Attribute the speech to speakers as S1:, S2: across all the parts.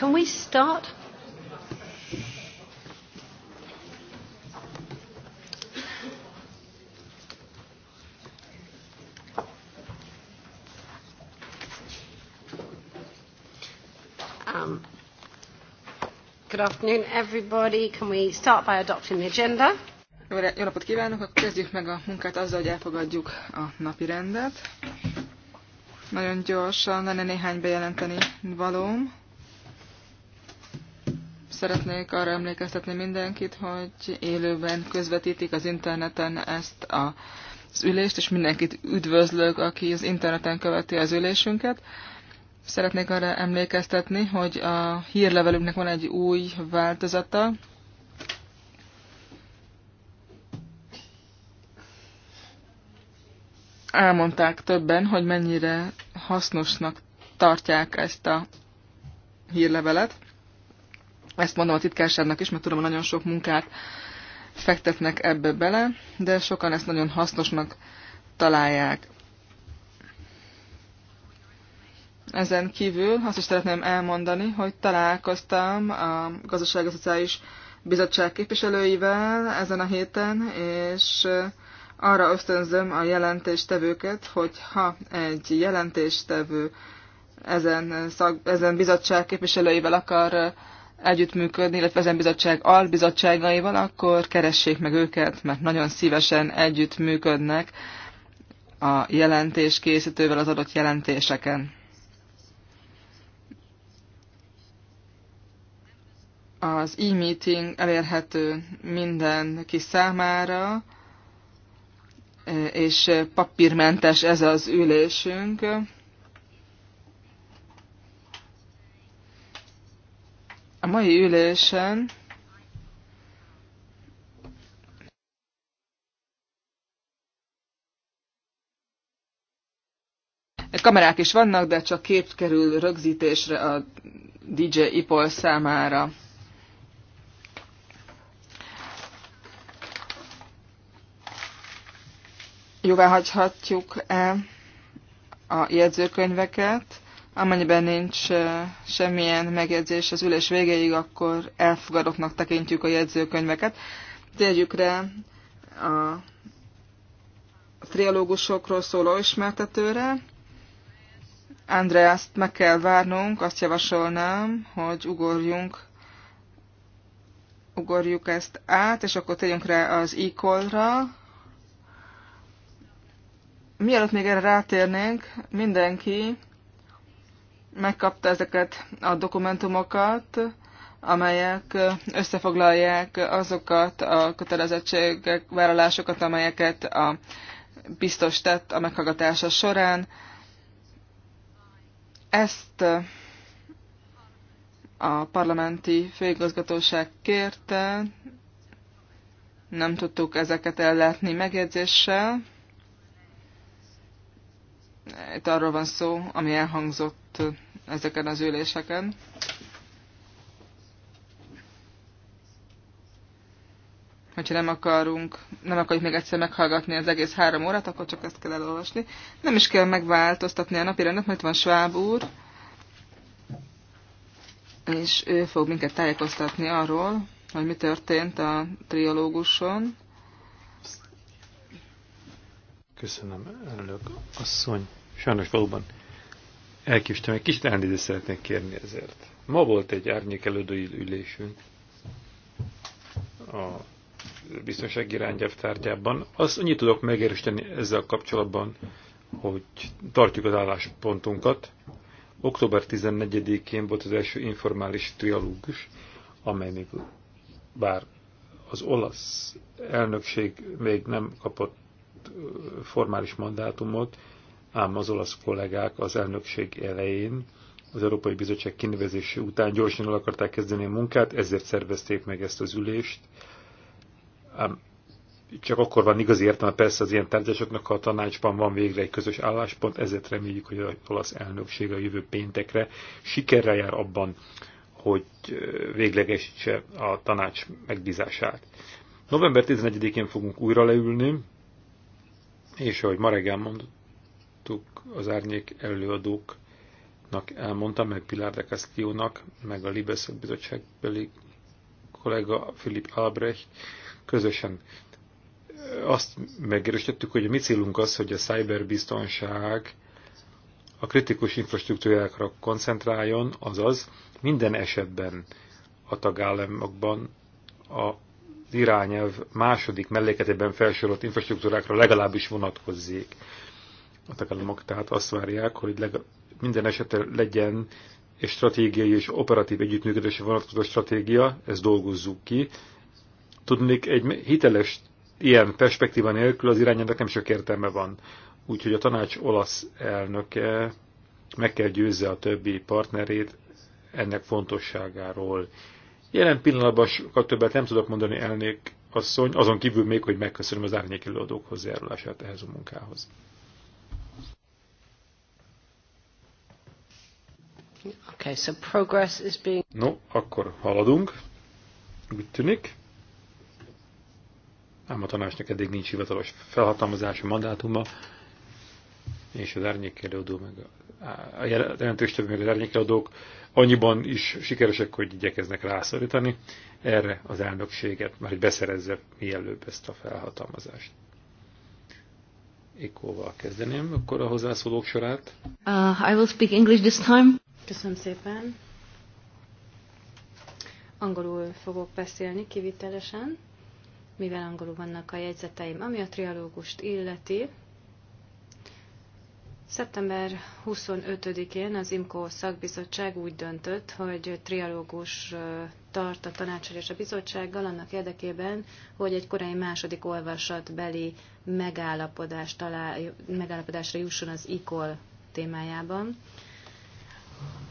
S1: Can we start? Um,
S2: good afternoon, everybody. Can we start by adopting the agenda? Jó napot kívánok! Akkor kezdjük meg a munkát azzal, hogy elfogadjuk a napi rendet. Nagyon gyorsan lenne néhány bejelenteni valóm. Szeretnék arra emlékeztetni mindenkit, hogy élőben közvetítik az interneten ezt a, az ülést, és mindenkit üdvözlök, aki az interneten követi az ülésünket. Szeretnék arra emlékeztetni, hogy a hírlevelünknek van egy új változata, elmondták többen, hogy mennyire hasznosnak tartják ezt a hírlevelet. Ezt mondom a titkárságnak is, mert tudom, hogy nagyon sok munkát fektetnek ebbe bele, de sokan ezt nagyon hasznosnak találják. Ezen kívül azt is szeretném elmondani, hogy találkoztam a Gazdasági Szociális Bizottság képviselőivel ezen a héten, és eh, arra ösztönzöm a jelentéstevőket, hogy ha egy jelentéstevő ezen, szak, ezen bizottság képviselőivel akar eh, együttműködni, illetve ezen bizottság albizottságaival, akkor keressék meg őket, mert nagyon szívesen együttműködnek a jelentés készítővel az adott jelentéseken. Az e-meeting elérhető mindenki számára, és papírmentes ez az ülésünk. A mai ülésen Kamerák is vannak, de csak kép kerül rögzítésre a DJ Ipol számára. Jóvá hagyhatjuk-e a jegyzőkönyveket? Amennyiben nincs semmilyen megjegyzés az ülés végéig, akkor elfogadottnak tekintjük a jegyzőkönyveket. Térjük rá a triológusokról szóló ismertetőre. Andreaszt meg kell várnunk, azt javasolnám, hogy ugorjunk, ugorjuk ezt át, és akkor tegyünk rá az e-call-ra. Mielőtt még erre rátérnénk, mindenki megkapta ezeket a dokumentumokat, amelyek összefoglalják azokat a kötelezettségek, vállalásokat, amelyeket a biztos tett a meghallgatása során. Ezt a parlamenti főigazgatóság kérte, nem tudtuk ezeket ellátni megjegyzéssel. Itt arról van szó, ami elhangzott ott ezeken az üléseken. hogyha nem akarunk, nem akarjuk még egyszer meghallgatni az egész három órát, akkor csak ezt kell elolvasni. Nem is kell megváltoztatni a napi rendet, mert van Schwab úr, és ő fog minket tájékoztatni arról, hogy mi történt a triológuson.
S3: Köszönöm, elnök asszony. Sajnos valóban Elkéstem, egy kis elnézést szeretnék kérni ezért. Ma volt egy árnyék elődői ülésünk a biztonsági irányelv tárgyában. Azt annyit tudok megerősíteni ezzel kapcsolatban, hogy tartjuk az álláspontunkat. Október 14-én volt az első informális trialógus, amely még bár az olasz elnökség még nem kapott formális mandátumot, ám az olasz kollégák az elnökség elején, az Európai Bizottság kinevezése után gyorsan el akarták kezdeni a munkát, ezért szervezték meg ezt az ülést. Ám csak akkor van igazi értelme persze az ilyen tárgyalásoknak, ha a tanácsban van végre egy közös álláspont, ezért reméljük, hogy az olasz elnökség a jövő péntekre sikerrel jár abban, hogy véglegesítse a tanács megbízását. November 11-én fogunk újra leülni, és ahogy ma reggel mondott, elmondtuk, az árnyék előadóknak elmondta meg Pilar de Castillo-nak, meg a Libeszak bizottságbeli kollega Philip Albrecht, közösen azt megerősítettük, hogy a mi célunk az, hogy a cyberbiztonság a kritikus infrastruktúrákra koncentráljon, azaz minden esetben a tagállamokban a irányelv második melléketében felsorolt infrastruktúrákra legalábbis vonatkozzék. A tagállamok tehát azt várják, hogy leg, minden esetre legyen egy stratégiai és operatív együttműködésre vonatkozó stratégia, ezt dolgozzuk ki. Tudnék, egy hiteles ilyen perspektíva nélkül az irányának nem sok értelme van. Úgyhogy a tanács olasz elnöke meg kell győzze a többi partnerét ennek fontosságáról. Jelen pillanatban sokat többet nem tudok mondani elnék asszony, azon kívül még, hogy megköszönöm az árnyék előadók hozzájárulását ehhez a munkához.
S1: Okay, so progress is being...
S3: No, akkor haladunk. Úgy tűnik. Ám a tanácsnak eddig nincs hivatalos felhatalmazása, mandátuma, és az árnyékelőadó, meg a, a jelentős több, meg az árnyékelőadók annyiban is sikeresek, hogy igyekeznek rászorítani erre az elnökséget, már hogy beszerezze mielőbb ezt a felhatalmazást. Ikóval kezdeném, akkor a
S1: hozzászólók sorát. Uh, I will speak English this time. Köszönöm szépen. Angolul fogok beszélni kivitelesen, mivel angolul vannak a jegyzeteim, ami a trialógust illeti. Szeptember 25-én az IMCO szakbizottság úgy döntött, hogy trialógus tart a tanácsal és a bizottsággal annak érdekében, hogy egy korai második olvasatbeli megállapodás talál, megállapodásra jusson az ICOL témájában.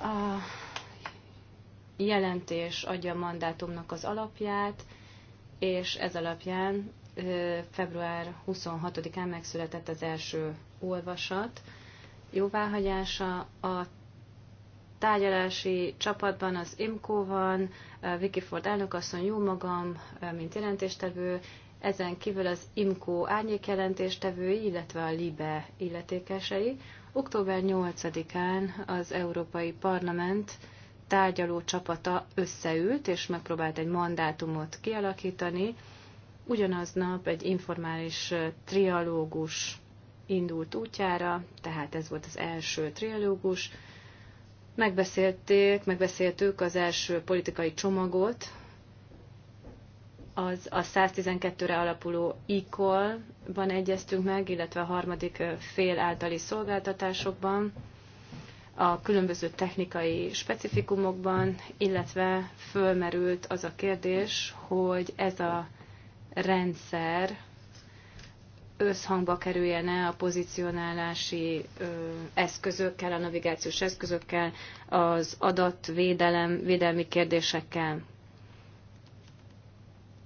S1: A jelentés adja a mandátumnak az alapját, és ez alapján február 26-án megszületett az első olvasat jóváhagyása. A tárgyalási csapatban az IMCO van, Vicky Ford elnökasszony, jó magam, mint jelentéstevő, ezen kívül az IMCO jelentéstevői, illetve a LIBE illetékesei. Október 8-án az Európai Parlament tárgyaló csapata összeült, és megpróbált egy mandátumot kialakítani. Ugyanaznap egy informális trialógus indult útjára, tehát ez volt az első trialógus. Megbeszélték, megbeszéltük az első politikai csomagot, az a 112-re alapuló ICOL-ban egyeztünk meg, illetve a harmadik fél általi szolgáltatásokban, a különböző technikai specifikumokban, illetve fölmerült az a kérdés, hogy ez a rendszer összhangba e a pozicionálási eszközökkel, a navigációs eszközökkel, az adatvédelem, védelmi kérdésekkel.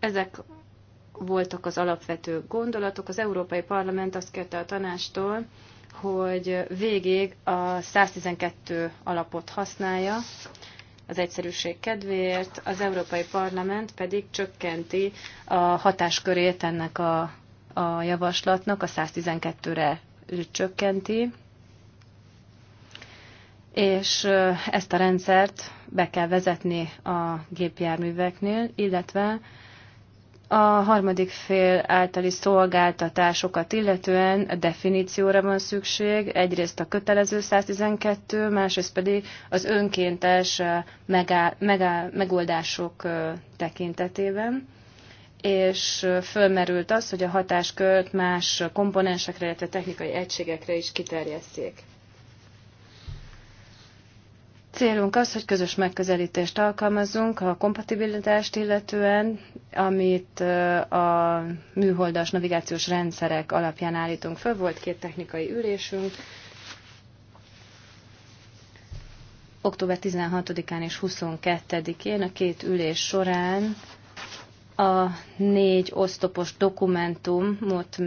S1: Ezek voltak az alapvető gondolatok. Az Európai Parlament azt kérte a tanástól, hogy végig a 112 alapot használja, az egyszerűség kedvéért, az Európai Parlament pedig csökkenti a hatáskörét ennek a, a javaslatnak, a 112-re csökkenti, és ezt a rendszert be kell vezetni a gépjárműveknél, illetve a harmadik fél általi szolgáltatásokat illetően a definícióra van szükség, egyrészt a kötelező 112, másrészt pedig az önkéntes megáll, megáll, megoldások tekintetében és fölmerült az, hogy a hatáskört más komponensekre, illetve technikai egységekre is kiterjesszék. Célunk az, hogy közös megközelítést alkalmazzunk a kompatibilitást illetően, amit a műholdas navigációs rendszerek alapján állítunk föl. Volt két technikai ülésünk, október 16-án és 22-én a két ülés során a négy osztopos dokumentumot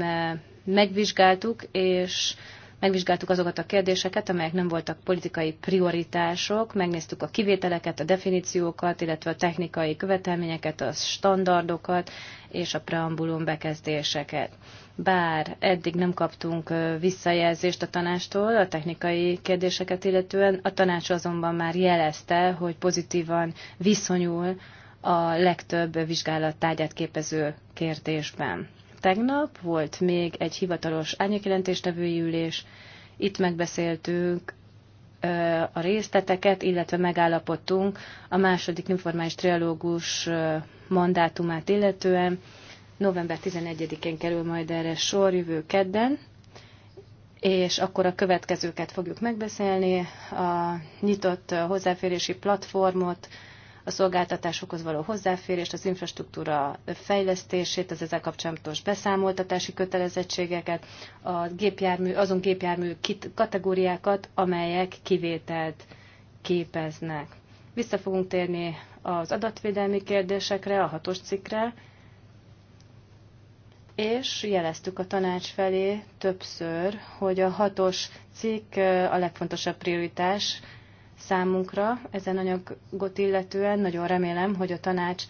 S1: megvizsgáltuk, és megvizsgáltuk azokat a kérdéseket, amelyek nem voltak politikai prioritások, megnéztük a kivételeket, a definíciókat, illetve a technikai követelményeket, a standardokat és a preambulum bekezdéseket. Bár eddig nem kaptunk visszajelzést a tanástól a technikai kérdéseket illetően, a tanács azonban már jelezte, hogy pozitívan viszonyul a legtöbb vizsgálat tárgyát képező kérdésben tegnap volt még egy hivatalos árnyékjelentéstevői ülés, itt megbeszéltünk a részleteket, illetve megállapodtunk a második informális trialógus mandátumát illetően. November 11-én kerül majd erre sor jövő kedden, és akkor a következőket fogjuk megbeszélni, a nyitott hozzáférési platformot, a szolgáltatásokhoz való hozzáférést, az infrastruktúra fejlesztését, az ezzel kapcsolatos beszámoltatási kötelezettségeket, a gépjármű, azon gépjármű kit, kategóriákat, amelyek kivételt képeznek. Vissza fogunk térni az adatvédelmi kérdésekre, a hatos cikkre, és jeleztük a tanács felé többször, hogy a hatos cikk a legfontosabb prioritás számunkra ezen anyagot illetően. Nagyon remélem, hogy a tanács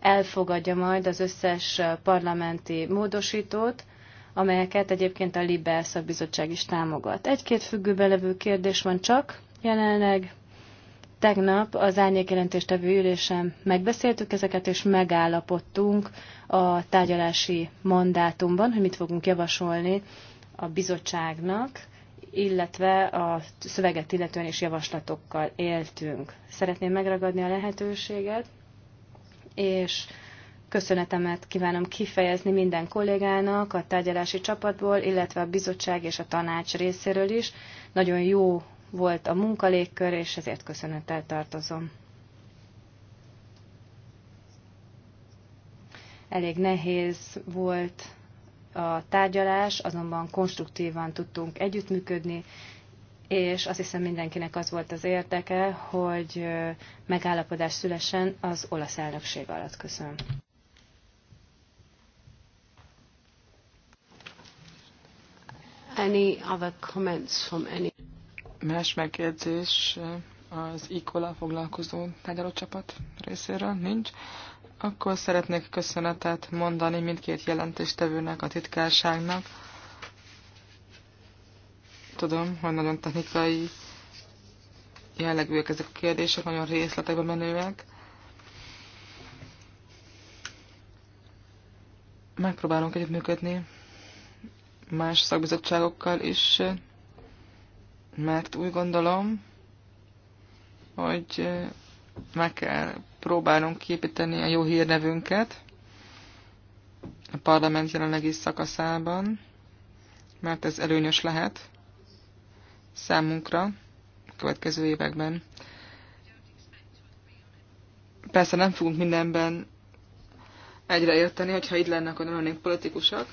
S1: elfogadja majd az összes parlamenti módosítót, amelyeket egyébként a Libe szakbizottság is támogat. Egy-két függő belevő kérdés van csak jelenleg. Tegnap az árnyékjelentéstevő ülésen megbeszéltük ezeket, és megállapodtunk a tárgyalási mandátumban, hogy mit fogunk javasolni a bizottságnak illetve a szöveget illetően is javaslatokkal éltünk. Szeretném megragadni a lehetőséget, és köszönetemet kívánom kifejezni minden kollégának a tárgyalási csapatból, illetve a bizottság és a tanács részéről is. Nagyon jó volt a munkalégkör, és ezért köszönettel tartozom. Elég nehéz volt a tárgyalás, azonban konstruktívan tudtunk együttműködni, és azt hiszem mindenkinek az volt az érdeke, hogy megállapodás szülesen az olasz elnökség alatt. Köszönöm.
S2: Any other comments from any... Más megjegyzés az ICOLA foglalkozó tárgyalócsapat részéről nincs. Akkor szeretnék köszönetet mondani mindkét jelentéstevőnek, a titkárságnak. Tudom, hogy nagyon technikai jellegűek ezek a kérdések, nagyon részletekbe menőek. Megpróbálunk együttműködni más szakbizottságokkal is, mert úgy gondolom, hogy meg kell próbálnunk képíteni a jó hírnevünket a parlament jelenlegi szakaszában, mert ez előnyös lehet számunkra a következő években. Persze nem fogunk mindenben egyre érteni, hogyha így lenne, akkor nem lennénk politikusak,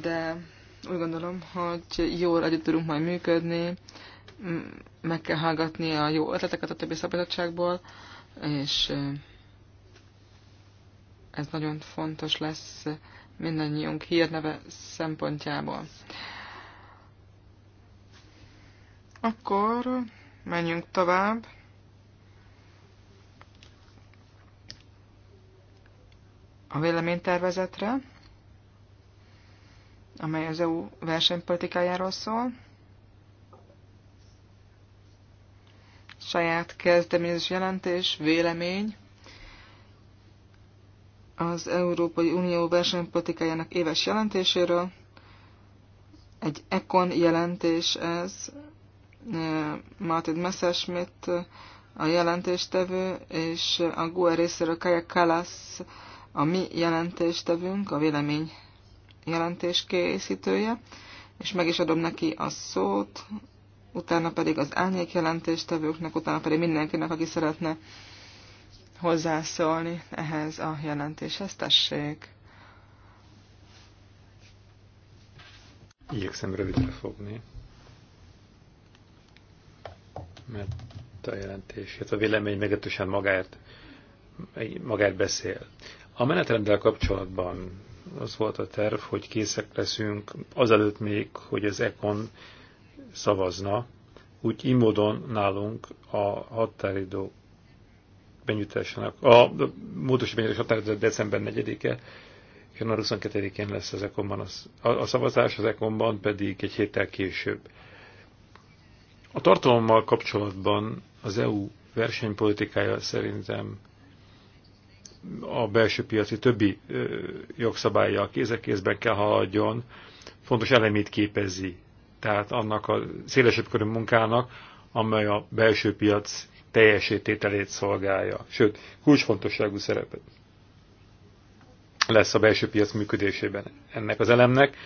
S2: de úgy gondolom, hogy jól együtt tudunk majd működni, meg kell hallgatni a jó ötleteket a többi szabadságból, és ez nagyon fontos lesz mindannyiunk hírneve szempontjából. Akkor menjünk tovább. A véleménytervezetre amely az EU versenypolitikájáról szól. Saját kezdeményezés jelentés, vélemény az Európai Unió versenypolitikájának éves jelentéséről. Egy ECON jelentés ez, e, Martin Messerschmidt a jelentéstevő, és a GUE részéről Kaja Kalasz a mi jelentéstevünk, a vélemény jelentés készítője, és meg is adom neki a szót, utána pedig az elnék jelentéstevőknek, utána pedig mindenkinek, aki szeretne hozzászólni ehhez a jelentéshez. Tessék!
S3: Igyekszem rövidre fogni, mert a jelentés, hát a vélemény meglehetősen magát, magát beszél. A menetrenddel kapcsolatban az volt a terv, hogy készek leszünk azelőtt még, hogy az ECON szavazna. Úgy imódon nálunk a határidő benyújtásának, a módos benyújtás határidő december 4-e, január 22-én lesz az econ a, a szavazás, az econ pedig egy héttel később. A tartalommal kapcsolatban az EU versenypolitikája szerintem a belső piaci többi jogszabályjal kézekézben kell haladjon, fontos elemét képezi. Tehát annak a szélesebb körű munkának, amely a belső piac teljesítételét szolgálja. Sőt, kulcsfontosságú szerepet lesz a belső piac működésében ennek az elemnek.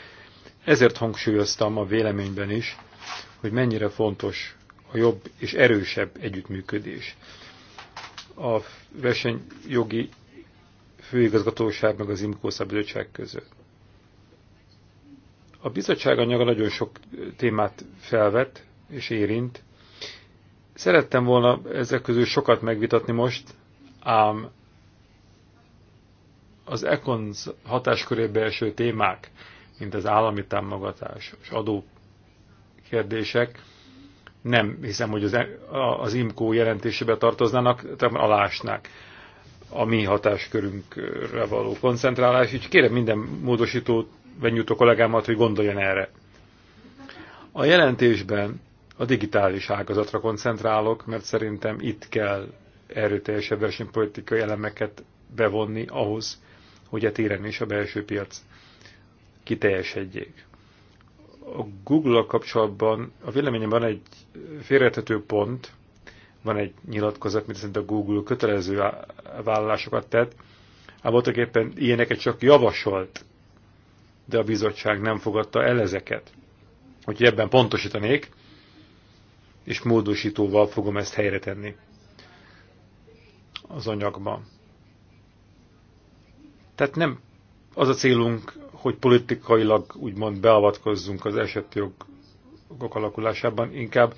S3: Ezért hangsúlyoztam a véleményben is, hogy mennyire fontos a jobb és erősebb együttműködés. A versenyjogi főigazgatóság meg az IMKO bizottság között. A bizottság anyaga nagyon sok témát felvet és érint. Szerettem volna ezek közül sokat megvitatni most, ám az ECONS hatáskörébe eső témák, mint az állami támogatás és adó kérdések, nem hiszem, hogy az, e- az IMCO jelentésébe tartoznának, tehát alásnák a mi hatáskörünkre való koncentrálás, így kérem minden módosítót, benyújtó kollégámat, hogy gondoljon erre. A jelentésben a digitális ágazatra koncentrálok, mert szerintem itt kell erőteljesebb versenypolitikai elemeket bevonni ahhoz, hogy a téren és a belső piac kiteljesedjék. A Google-a kapcsolatban a véleményemben egy félrethető pont, van egy nyilatkozat, mint szerint a Google kötelező vállalásokat tett, ám voltak éppen ilyeneket csak javasolt, de a bizottság nem fogadta el ezeket. Úgyhogy ebben pontosítanék, és módosítóval fogom ezt helyre tenni az anyagban. Tehát nem az a célunk, hogy politikailag úgymond beavatkozzunk az esetjogok alakulásában, inkább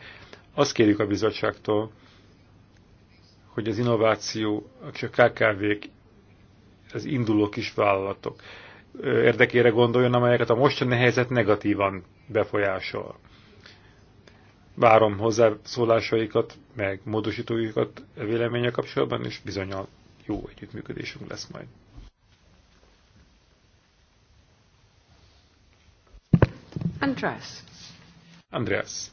S3: azt kérjük a bizottságtól, hogy az innováció a KKV-k, az induló kisvállalatok érdekére gondoljon, amelyeket a mostani helyzet negatívan befolyásol. Várom hozzászólásaikat, meg módosítójukat a e véleménye kapcsolatban, és a jó együttműködésünk lesz majd. Andreas. Andreas.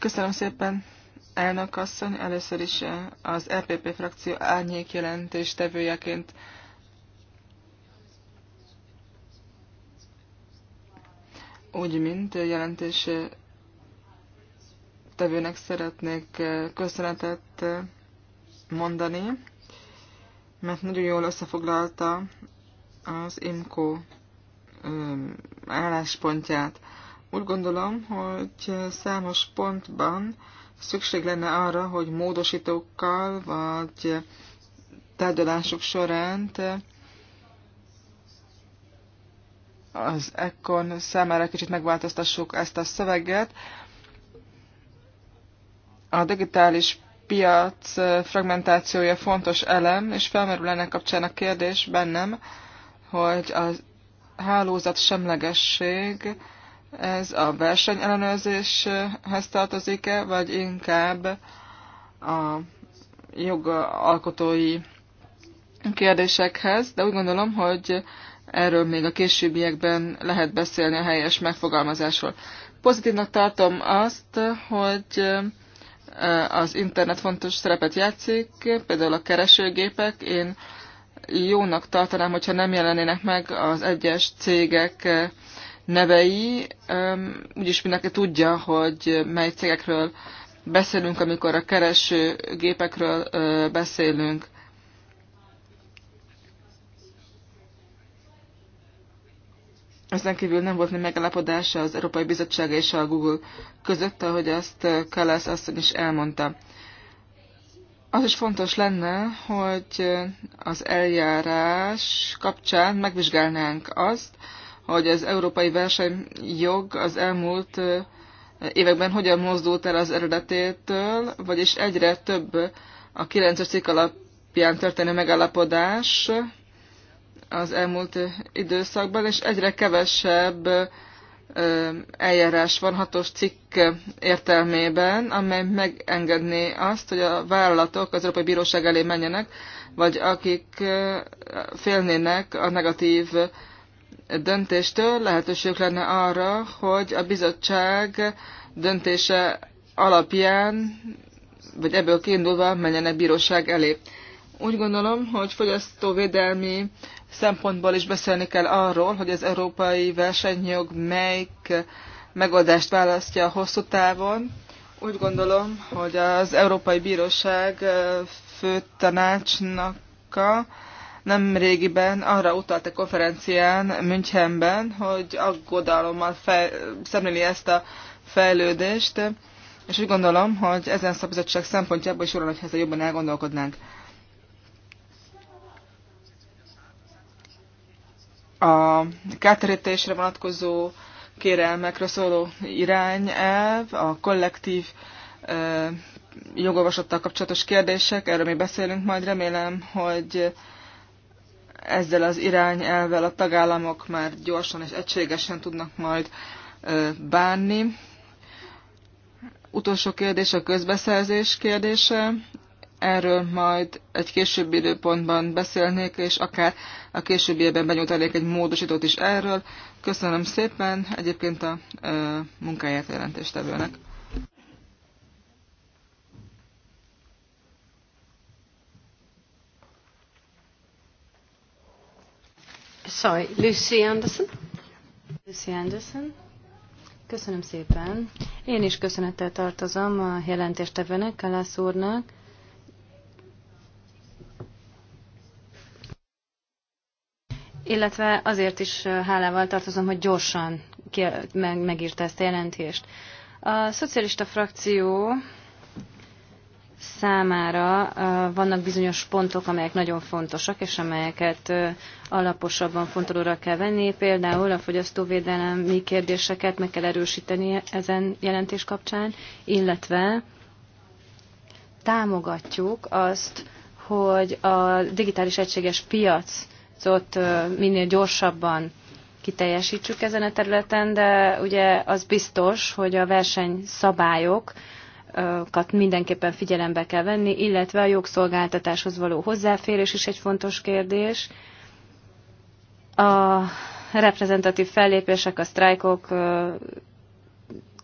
S2: Köszönöm szépen, elnök asszony, először is eh, az EPP frakció árnyék jelentés tevőjeként úgy, mint jelentés eh, tevőnek szeretnék eh, köszönetet mondani, mert nagyon jól összefoglalta az IMCO álláspontját. Úgy gondolom, hogy számos pontban szükség lenne arra, hogy módosítókkal vagy tárgyalások során az ekkor számára kicsit megváltoztassuk ezt a szöveget. A digitális piac fragmentációja fontos elem, és felmerül ennek kapcsán a kérdés bennem, hogy a hálózat semlegesség ez a versenyellenőrzéshez tartozik-e, vagy inkább a jogalkotói kérdésekhez, de úgy gondolom, hogy erről még a későbbiekben lehet beszélni a helyes megfogalmazásról. Pozitívnak tartom azt, hogy az internet fontos szerepet játszik, például a keresőgépek. Én jónak tartanám, hogyha nem jelenének meg az egyes cégek nevei, úgyis mindenki tudja, hogy mely cégekről beszélünk, amikor a kereső gépekről beszélünk. Ezen kívül nem volt még megállapodása az Európai Bizottság és a Google között, ahogy azt Kalász asszony is elmondta. Az is fontos lenne, hogy az eljárás kapcsán megvizsgálnánk azt, hogy az európai versenyjog az elmúlt években hogyan mozdult el az eredetétől, vagyis egyre több a 9-es cikk alapján történő megállapodás az elmúlt időszakban, és egyre kevesebb eljárás van hatos cikk értelmében, amely megengedné azt, hogy a vállalatok az Európai Bíróság elé menjenek, vagy akik félnének a negatív döntéstől lehetőség lenne arra, hogy a bizottság döntése alapján, vagy ebből kiindulva menjenek bíróság elé. Úgy gondolom, hogy fogyasztóvédelmi szempontból is beszélni kell arról, hogy az európai versenyjog melyik megoldást választja a hosszú távon. Úgy gondolom, hogy az Európai Bíróság fő tanácsnak nem régiben arra utalt a konferencián Münchenben, hogy aggodalommal fej, szemléli ezt a fejlődést, és úgy gondolom, hogy ezen szabizottság szempontjából is olyan, hogy ezzel jobban elgondolkodnánk. A kárterítésre vonatkozó kérelmekről szóló irányelv, a kollektív jogolvasottal kapcsolatos kérdések, erről mi beszélünk majd, remélem, hogy ezzel az irányelvel a tagállamok már gyorsan és egységesen tudnak majd bánni. Utolsó kérdés a közbeszerzés kérdése. Erről majd egy későbbi időpontban beszélnék, és akár a évben benyújtanék egy módosítót is erről. Köszönöm szépen egyébként a munkáját jelentéstevőnek.
S1: Sorry, Lucy Anderson. Lucy Anderson. Köszönöm szépen. Én is köszönettel tartozom a jelentéstevőnek, Kalász úrnak. Illetve azért is hálával tartozom, hogy gyorsan megírta ezt a jelentést. A szocialista frakció számára vannak bizonyos pontok, amelyek nagyon fontosak, és amelyeket alaposabban fontolóra kell venni. Például a fogyasztóvédelmi kérdéseket meg kell erősíteni ezen jelentés kapcsán, illetve támogatjuk azt, hogy a digitális egységes piacot minél gyorsabban kiteljesítsük ezen a területen, de ugye az biztos, hogy a versenyszabályok szabályok mindenképpen figyelembe kell venni, illetve a jogszolgáltatáshoz való hozzáférés is egy fontos kérdés. A reprezentatív fellépések, a sztrájkok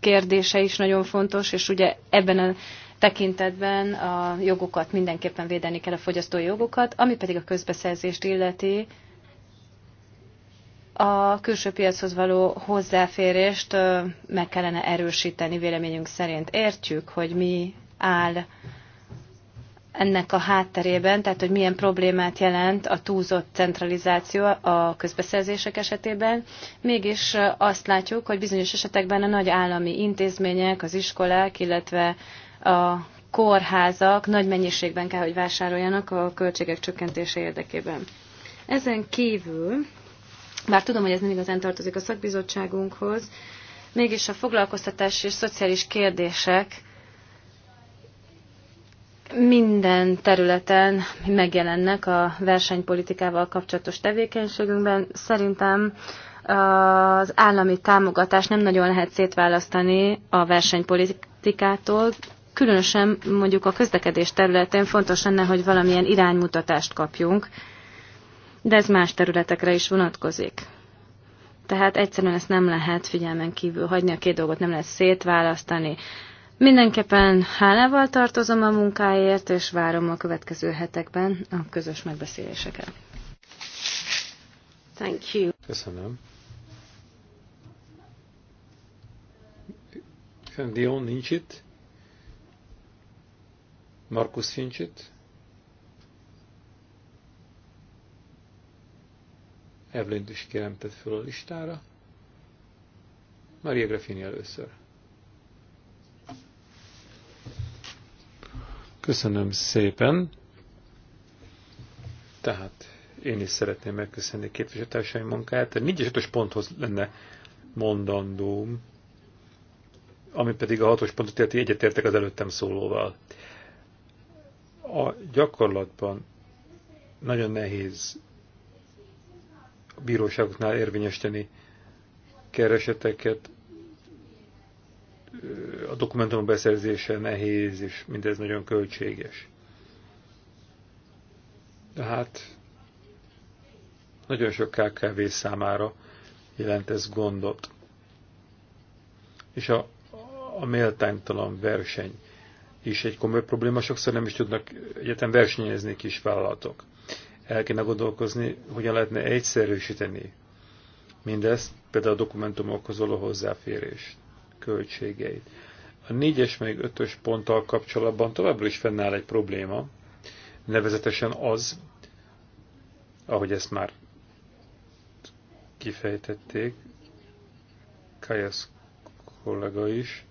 S1: kérdése is nagyon fontos, és ugye ebben a tekintetben a jogokat mindenképpen védeni kell, a fogyasztói jogokat, ami pedig a közbeszerzést illeti, a külső piachoz való hozzáférést meg kellene erősíteni véleményünk szerint. Értjük, hogy mi áll ennek a hátterében, tehát hogy milyen problémát jelent a túlzott centralizáció a közbeszerzések esetében. Mégis azt látjuk, hogy bizonyos esetekben a nagy állami intézmények, az iskolák, illetve a kórházak nagy mennyiségben kell, hogy vásároljanak a költségek csökkentése érdekében. Ezen kívül bár tudom, hogy ez nem igazán tartozik a szakbizottságunkhoz, mégis a foglalkoztatás és szociális kérdések minden területen megjelennek a versenypolitikával kapcsolatos tevékenységünkben. Szerintem az állami támogatás nem nagyon lehet szétválasztani a versenypolitikától, különösen mondjuk a közlekedés területén fontos lenne, hogy valamilyen iránymutatást kapjunk de ez más területekre is vonatkozik. Tehát egyszerűen ezt nem lehet figyelmen kívül hagyni, a két dolgot nem lehet szétválasztani. Mindenképpen hálával tartozom a munkáért, és várom a következő hetekben a közös megbeszéléseket. Thank you.
S3: Köszönöm. Dion nincs itt. Markus nincs itt. Evelyn is kérem tett föl a listára. Maria Grafini először. Köszönöm szépen. Tehát én is szeretném megköszönni a képviselőtársaim munkáját. A 4 5 ponthoz lenne mondandóm, ami pedig a hatos pontot illeti egyetértek az előttem szólóval. A gyakorlatban nagyon nehéz bíróságoknál érvényesteni kereseteket. A dokumentum beszerzése nehéz, és mindez nagyon költséges. De hát nagyon sok KKV számára jelent ez gondot. És a, a méltánytalan verseny is egy komoly probléma, sokszor nem is tudnak egyetem versenyezni kis vállalatok el kéne gondolkozni, hogyan lehetne egyszerűsíteni mindezt, például a dokumentumokhoz való hozzáférés költségeit. A 4-es meg 5-ös ponttal kapcsolatban továbbra is fennáll egy probléma, nevezetesen az, ahogy ezt már kifejtették, Kajasz kollega is,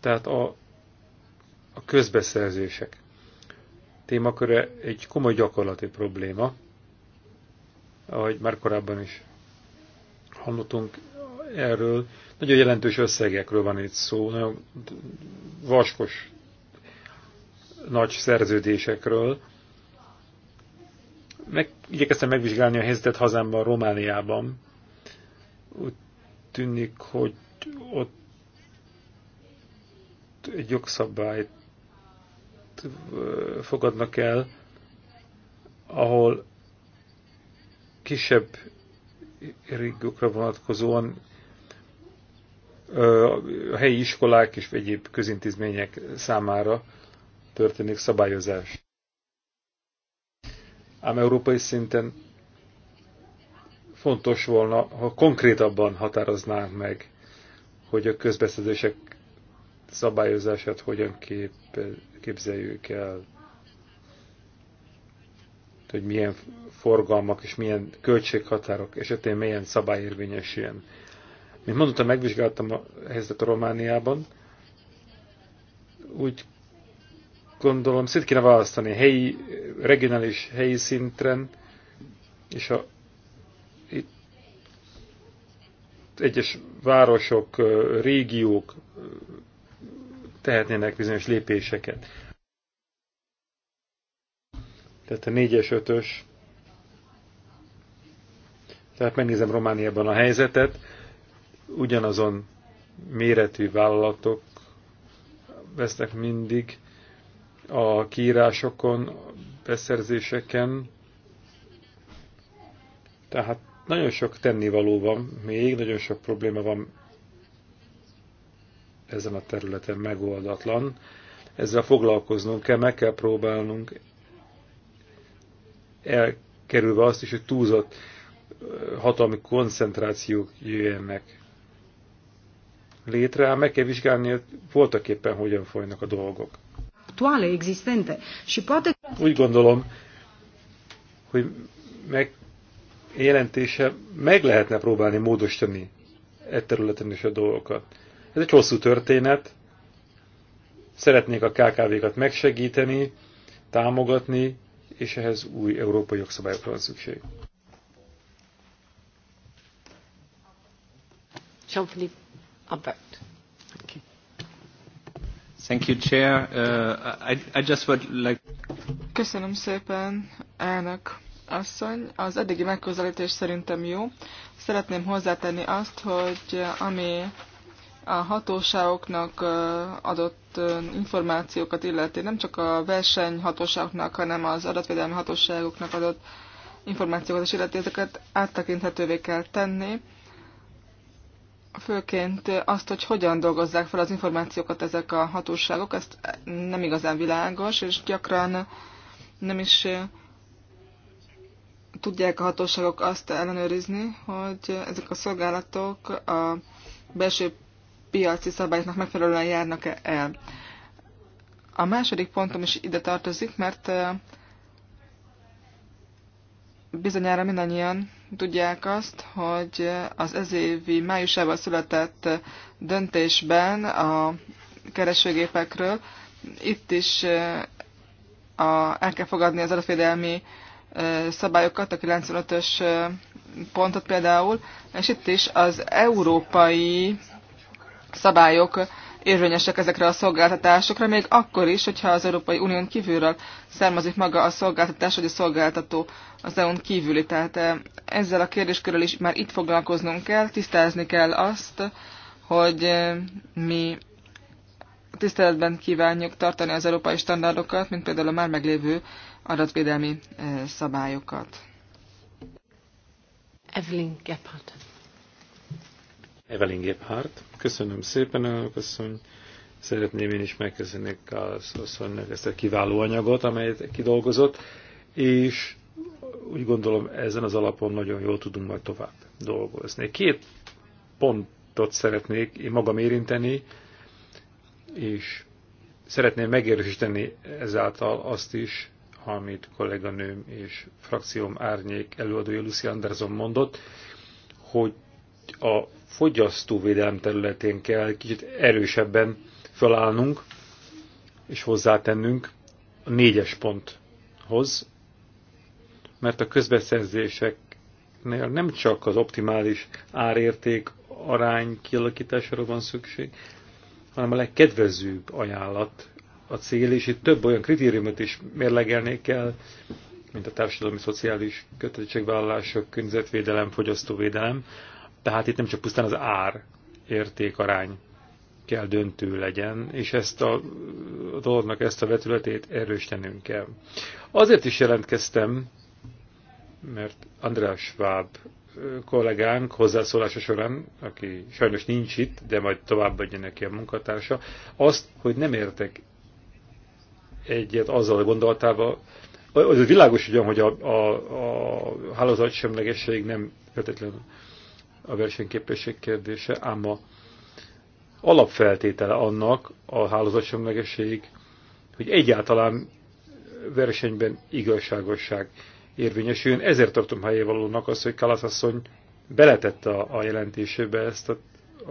S3: tehát a, a közbeszerzések témaköre egy komoly gyakorlati probléma, ahogy már korábban is hallottunk erről. Nagyon jelentős összegekről van itt szó, nagyon vaskos nagy szerződésekről. Meg, igyekeztem megvizsgálni a helyzetet hazámban, Romániában. Úgy tűnik, hogy ott egy jogszabályt fogadnak el, ahol kisebb régiókra vonatkozóan a helyi iskolák és egyéb közintézmények számára történik szabályozás. Ám európai szinten fontos volna, ha konkrétabban határoznánk meg, hogy a közbeszedések szabályozását hogyan kép, képzeljük el, hogy milyen forgalmak és milyen költséghatárok esetén milyen szabály érvényesüljön. Mint mondottam, megvizsgáltam a helyzetet a Romániában, úgy gondolom szét kéne választani helyi, regionális helyi szinten, és a itt egyes városok, régiók tehetnének bizonyos lépéseket. Tehát a 4-es, 5-ös. Tehát megnézem Romániában a helyzetet. Ugyanazon méretű vállalatok vesznek mindig a kiírásokon, a beszerzéseken. Tehát nagyon sok tennivaló van még, nagyon sok probléma van ezen a területen megoldatlan. Ezzel foglalkoznunk kell, meg kell próbálnunk elkerülve azt is, hogy túlzott hatalmi koncentrációk jöjjenek létre, ám meg kell vizsgálni voltak éppen hogyan folynak a dolgok. Úgy gondolom, hogy meg jelentése meg lehetne próbálni módosítani e területen is a dolgokat. Ez egy hosszú történet. Szeretnék a KKV-kat megsegíteni, támogatni, és ehhez új európai jogszabályokra van szükség. Thank you, Chair. Uh, I,
S2: just would like... Köszönöm szépen, elnök asszony. Az eddigi megközelítés szerintem jó. Szeretném hozzátenni azt, hogy ami a hatóságoknak adott információkat illeti, nem csak a versenyhatóságoknak, hanem az adatvédelmi hatóságoknak adott információkat is illeti, ezeket áttekinthetővé kell tenni, főként azt, hogy hogyan dolgozzák fel az információkat ezek a hatóságok, ezt nem igazán világos, és gyakran nem is tudják a hatóságok azt ellenőrizni, hogy ezek a szolgálatok a belső piaci szabályoknak megfelelően járnak -e el. A második pontom is ide tartozik, mert bizonyára mindannyian tudják azt, hogy az ez évi májusában született döntésben a keresőgépekről itt is el kell fogadni az adatvédelmi szabályokat, a 95-ös pontot például, és itt is az európai szabályok érvényesek ezekre a szolgáltatásokra, még akkor is, hogyha az Európai Unión kívülről származik maga a szolgáltatás, vagy a szolgáltató az EU-n kívüli. Tehát eh, ezzel a kérdéskörrel is már itt foglalkoznunk kell, tisztázni kell azt, hogy eh, mi tiszteletben kívánjuk tartani az európai standardokat, mint például a már meglévő adatvédelmi eh, szabályokat.
S3: Evelyn Gephardt. Evelyn Gephardt. Köszönöm szépen, elnök asszony. Szeretném én is megköszönni az asszonynak ezt a kiváló anyagot, amelyet kidolgozott, és úgy gondolom ezen az alapon nagyon jól tudunk majd tovább dolgozni. Két pontot szeretnék én magam érinteni, és szeretném megérősíteni ezáltal azt is, amit kolléganőm és frakcióm árnyék előadója Lucy Anderson mondott, hogy a fogyasztóvédelem területén kell kicsit erősebben felállnunk és hozzátennünk a négyes ponthoz, mert a közbeszerzéseknél nem csak az optimális árérték arány kialakítására van szükség, hanem a legkedvezőbb ajánlat a cél, és itt több olyan kritériumot is mérlegelni kell, mint a társadalmi szociális kötelezettségvállalások, környezetvédelem, fogyasztóvédelem, tehát itt nem csak pusztán az ár értékarány kell döntő legyen, és ezt a, a dolognak ezt a vetületét erősítenünk kell. Azért is jelentkeztem, mert András Schwab kollégánk hozzászólása során, aki sajnos nincs itt, de majd továbbadja neki a munkatársa, azt, hogy nem értek egyet azzal a gondolatával, az világos ugyan, hogy a, a, a semlegesség nem feltétlenül a versenyképesség kérdése, ám a alapfeltétele annak a hálózatsemlegeség, hogy egyáltalán versenyben igazságosság érvényesüljön. Ezért tartom helyévalónak azt, hogy Kalasz asszony beletette a, a jelentésébe ezt a,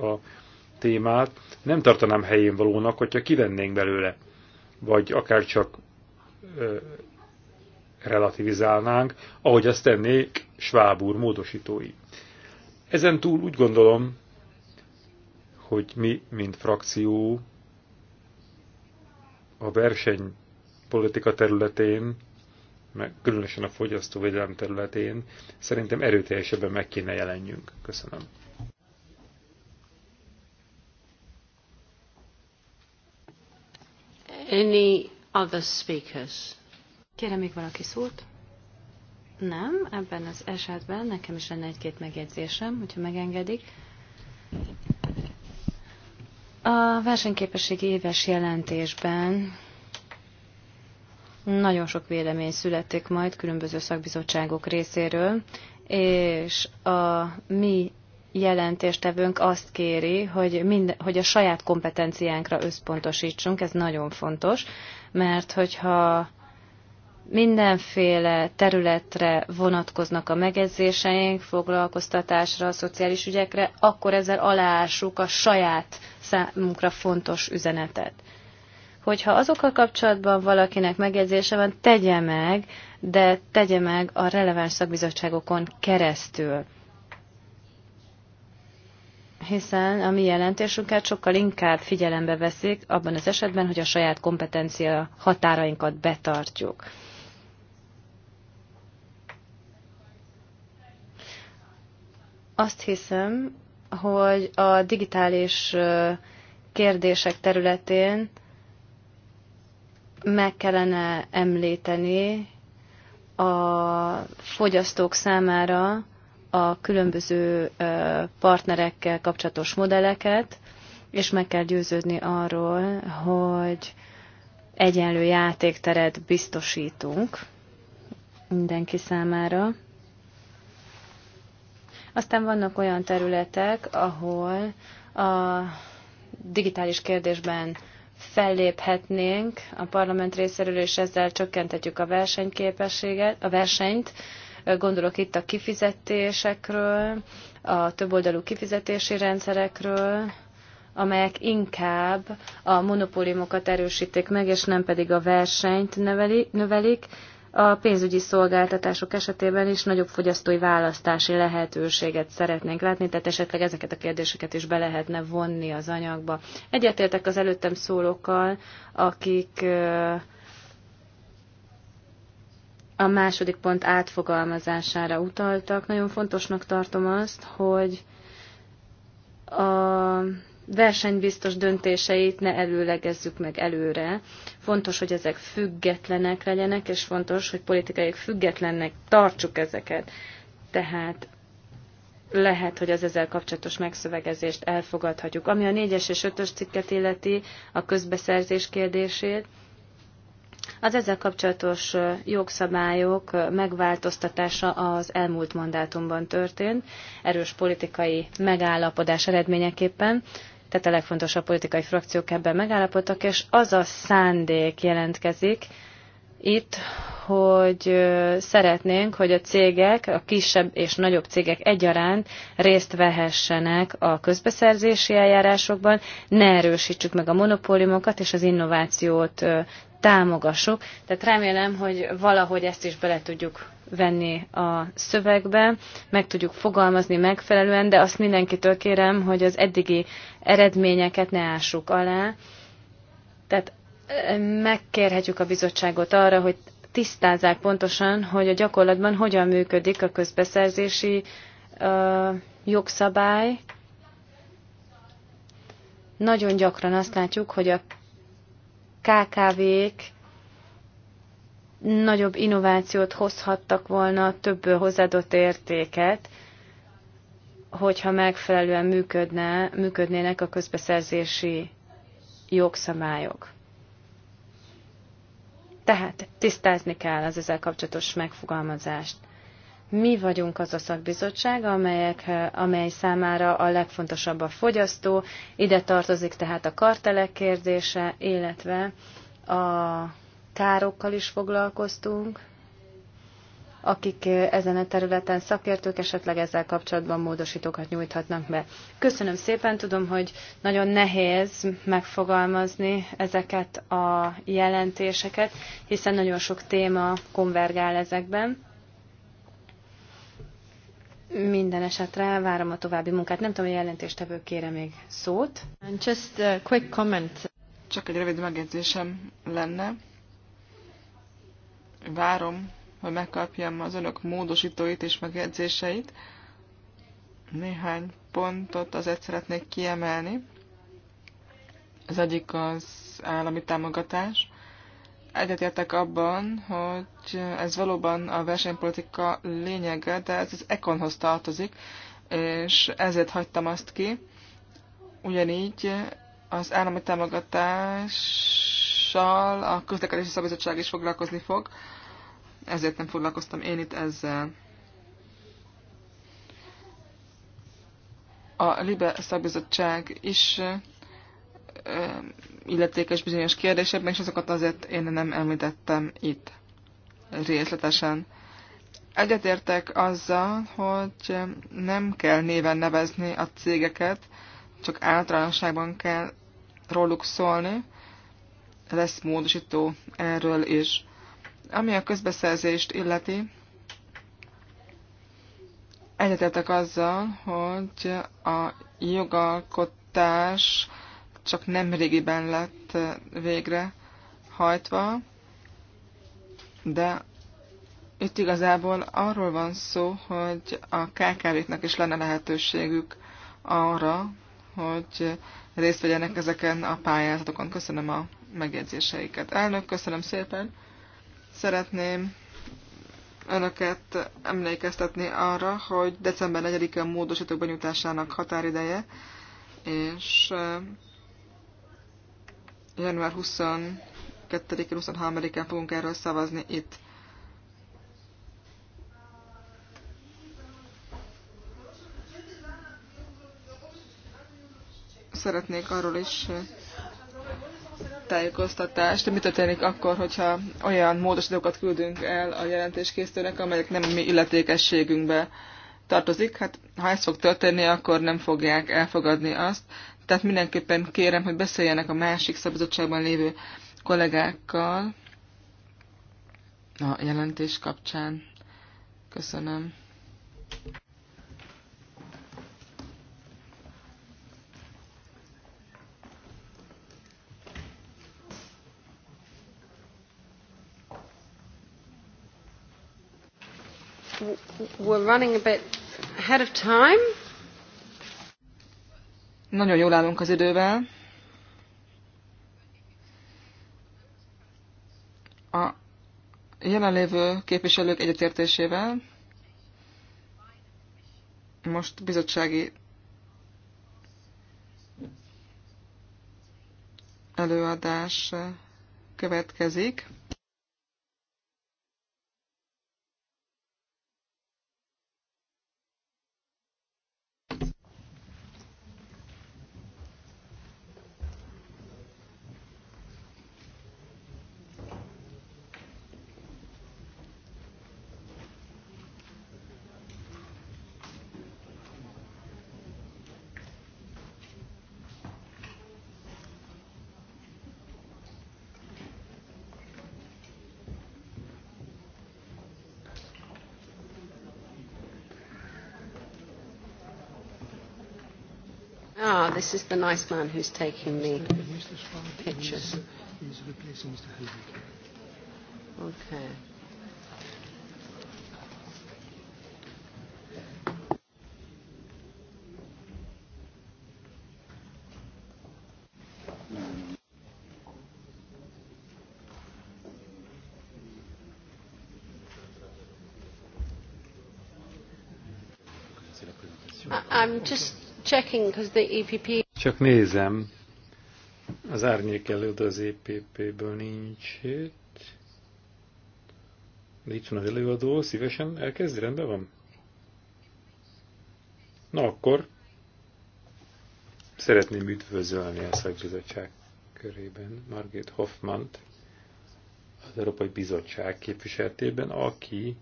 S3: a témát. Nem tartanám helyén valónak, hogyha kivennénk belőle, vagy akár csak ö, relativizálnánk, ahogy azt tennék Schwab úr módosítói. Ezen túl úgy gondolom, hogy mi, mint frakció, a politika területén, meg különösen a fogyasztóvédelem területén szerintem erőteljesebben meg kéne jelenjünk. Köszönöm.
S1: Any other speakers? Kérem még valaki szót? Nem, ebben az esetben nekem is lenne egy-két megjegyzésem, hogyha megengedik. A versenyképességi éves jelentésben nagyon sok vélemény születik majd különböző szakbizottságok részéről, és a mi jelentéstevőnk azt kéri, hogy, mind, hogy a saját kompetenciánkra összpontosítsunk, ez nagyon fontos, mert hogyha mindenféle területre vonatkoznak a megjegyzéseink, foglalkoztatásra, a szociális ügyekre, akkor ezzel aláássuk a saját számunkra fontos üzenetet. Hogyha azokkal kapcsolatban valakinek megjegyzése van, tegye meg, de tegye meg a releváns szakbizottságokon keresztül. Hiszen a mi jelentésünket sokkal inkább figyelembe veszik abban az esetben, hogy a saját kompetencia határainkat betartjuk. Azt hiszem, hogy a digitális kérdések területén meg kellene említeni a fogyasztók számára a különböző partnerekkel kapcsolatos modelleket, és meg kell győződni arról, hogy egyenlő játékteret biztosítunk mindenki számára. Aztán vannak olyan területek, ahol a digitális kérdésben felléphetnénk a parlament részéről, és ezzel csökkentetjük a versenyképességet, a versenyt. Gondolok itt a kifizetésekről, a többoldalú kifizetési rendszerekről, amelyek inkább a monopóliumokat erősítik meg, és nem pedig a versenyt növeli, növelik a pénzügyi szolgáltatások esetében is nagyobb fogyasztói választási lehetőséget szeretnénk látni, tehát esetleg ezeket a kérdéseket is be lehetne vonni az anyagba. Egyetértek az előttem szólókkal, akik a második pont átfogalmazására utaltak. Nagyon fontosnak tartom azt, hogy a versenybiztos döntéseit ne előlegezzük meg előre. Fontos, hogy ezek függetlenek legyenek, és fontos, hogy politikai függetlennek tartsuk ezeket. Tehát lehet, hogy az ezzel kapcsolatos megszövegezést elfogadhatjuk. Ami a 4-es és 5-ös cikket illeti, a közbeszerzés kérdését, az ezzel kapcsolatos jogszabályok megváltoztatása az elmúlt mandátumban történt, erős politikai megállapodás eredményeképpen tehát a legfontosabb politikai frakciók ebben megállapodtak, és az a szándék jelentkezik itt, hogy szeretnénk, hogy a cégek, a kisebb és nagyobb cégek egyaránt részt vehessenek a közbeszerzési eljárásokban, ne erősítsük meg a monopóliumokat, és az innovációt támogassuk. Tehát remélem, hogy valahogy ezt is bele tudjuk venni a szövegbe, meg tudjuk fogalmazni megfelelően, de azt mindenkitől kérem, hogy az eddigi eredményeket ne ássuk alá. Tehát megkérhetjük a bizottságot arra, hogy tisztázzák pontosan, hogy a gyakorlatban hogyan működik a közbeszerzési ö, jogszabály. Nagyon gyakran azt látjuk, hogy a KKV-k nagyobb innovációt hozhattak volna, több hozadott értéket, hogyha megfelelően működne, működnének a közbeszerzési jogszabályok. Tehát tisztázni kell az ezzel kapcsolatos megfogalmazást. Mi vagyunk az a szakbizottság, amelyek, amely számára a legfontosabb a fogyasztó, ide tartozik tehát a kartelek kérdése, illetve a károkkal is foglalkoztunk, akik ezen a területen szakértők esetleg ezzel kapcsolatban módosítókat nyújthatnak be. Köszönöm szépen, tudom, hogy nagyon nehéz megfogalmazni ezeket a jelentéseket, hiszen nagyon sok téma konvergál ezekben. Minden esetre várom a további munkát. Nem tudom, hogy a jelentéstevő kére még szót.
S2: And just a quick comment. Csak egy rövid megjegyzésem lenne. Várom, hogy megkapjam az önök módosítóit és megjegyzéseit. Néhány pontot azért szeretnék kiemelni. Az egyik az állami támogatás egyetértek abban, hogy ez valóban a versenypolitika lényege, de ez az ekonhoz tartozik, és ezért hagytam azt ki. Ugyanígy az állami támogatással a közlekedési szabadság is foglalkozni fog, ezért nem foglalkoztam én itt ezzel. A Libe szabizottság is illetékes bizonyos kérdésekben, és azokat azért én nem említettem itt részletesen. Egyetértek azzal, hogy nem kell néven nevezni a cégeket, csak általánosságban kell róluk szólni. Lesz módosító erről is. Ami a közbeszerzést illeti, egyetértek azzal, hogy a jogalkotás csak nem régiben lett végre hajtva, de itt igazából arról van szó, hogy a KKV-knak is lenne lehetőségük arra, hogy részt vegyenek ezeken a pályázatokon. Köszönöm a megjegyzéseiket. Elnök, köszönöm szépen. Szeretném önöket emlékeztetni arra, hogy december 4-e módosítók benyújtásának határideje, és január 22 23-án fogunk erről szavazni itt. Szeretnék arról is tájékoztatást, mi történik akkor, hogyha olyan módosítókat küldünk el a jelentéskészítőnek, amelyek nem mi illetékességünkbe tartozik. Hát ha ez fog történni, akkor nem fogják elfogadni azt, tehát mindenképpen kérem, hogy beszéljenek a másik szabadságban lévő kollégákkal a jelentés kapcsán. Köszönöm. We're running a bit ahead of time. Nagyon jól állunk az idővel. A jelenlévő képviselők egyetértésével most bizottsági előadás következik. This is the nice man
S1: who's taking the pictures. Okay. checking because the EPP...
S3: Csak nézem. Az árnyék előd az EPP-ből nincs itt. De itt van az előadó, szívesen elkezdi, rendben van? Na akkor szeretném üdvözölni a szakbizottság körében Margit Hoffmant, az Európai Bizottság képviseltében, aki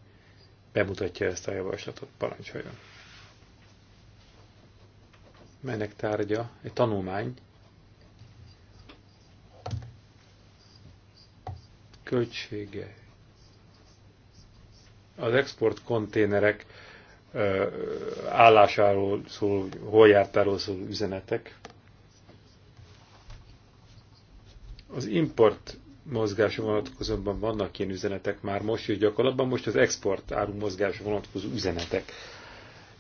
S3: bemutatja ezt a javaslatot. Parancsoljon! melynek tárgya egy tanulmány, költsége. Az export konténerek állásáról szól, hol jártáról szól üzenetek. Az import mozgása vonatkozóban vannak ilyen üzenetek már most és gyakorlatban, most az export áru mozgása vonatkozó üzenetek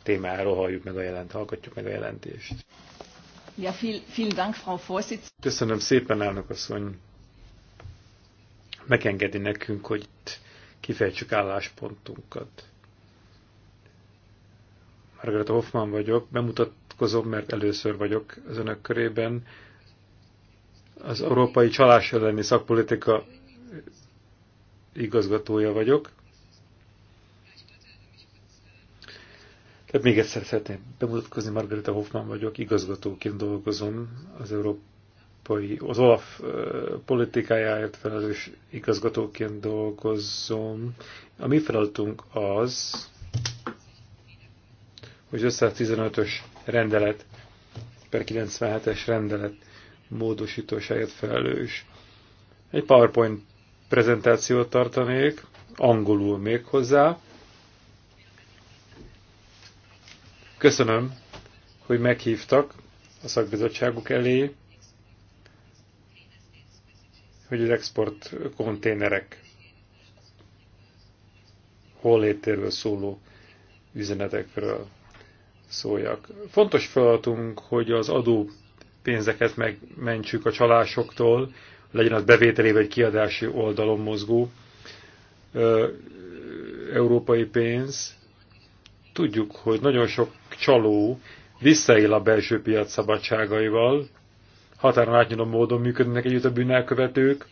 S3: témáról halljuk meg a jelent, hallgatjuk meg a jelentést.
S2: Ja, viel, viel Dank, Frau Vorsitz.
S3: Köszönöm szépen, elnök asszony. Megengedi nekünk, hogy itt kifejtsük álláspontunkat. Margaret Hoffman vagyok, bemutatkozom, mert először vagyok az önök körében.
S2: Az Európai
S3: Csalás elleni szakpolitika igazgatója vagyok. Még egyszer szeretném bemutatkozni, Margarita Hoffman vagyok, igazgatóként dolgozom az európai, az Olaf politikájáért felelős igazgatóként dolgozom. A mi feladatunk az, hogy 515-ös rendelet per 97-es rendelet módosítósáért felelős. Egy PowerPoint prezentációt tartanék, angolul még hozzá, Köszönöm, hogy meghívtak a szakbizottságuk elé, hogy az export konténerek hol létéről szóló üzenetekről szóljak. Fontos feladatunk, hogy az adó pénzeket megmentsük a csalásoktól, legyen az bevételé vagy kiadási oldalon mozgó európai pénz, Tudjuk, hogy nagyon sok csaló visszaél a belső piac szabadságaival, határon átnyúló módon működnek együtt a bűnelkövetők,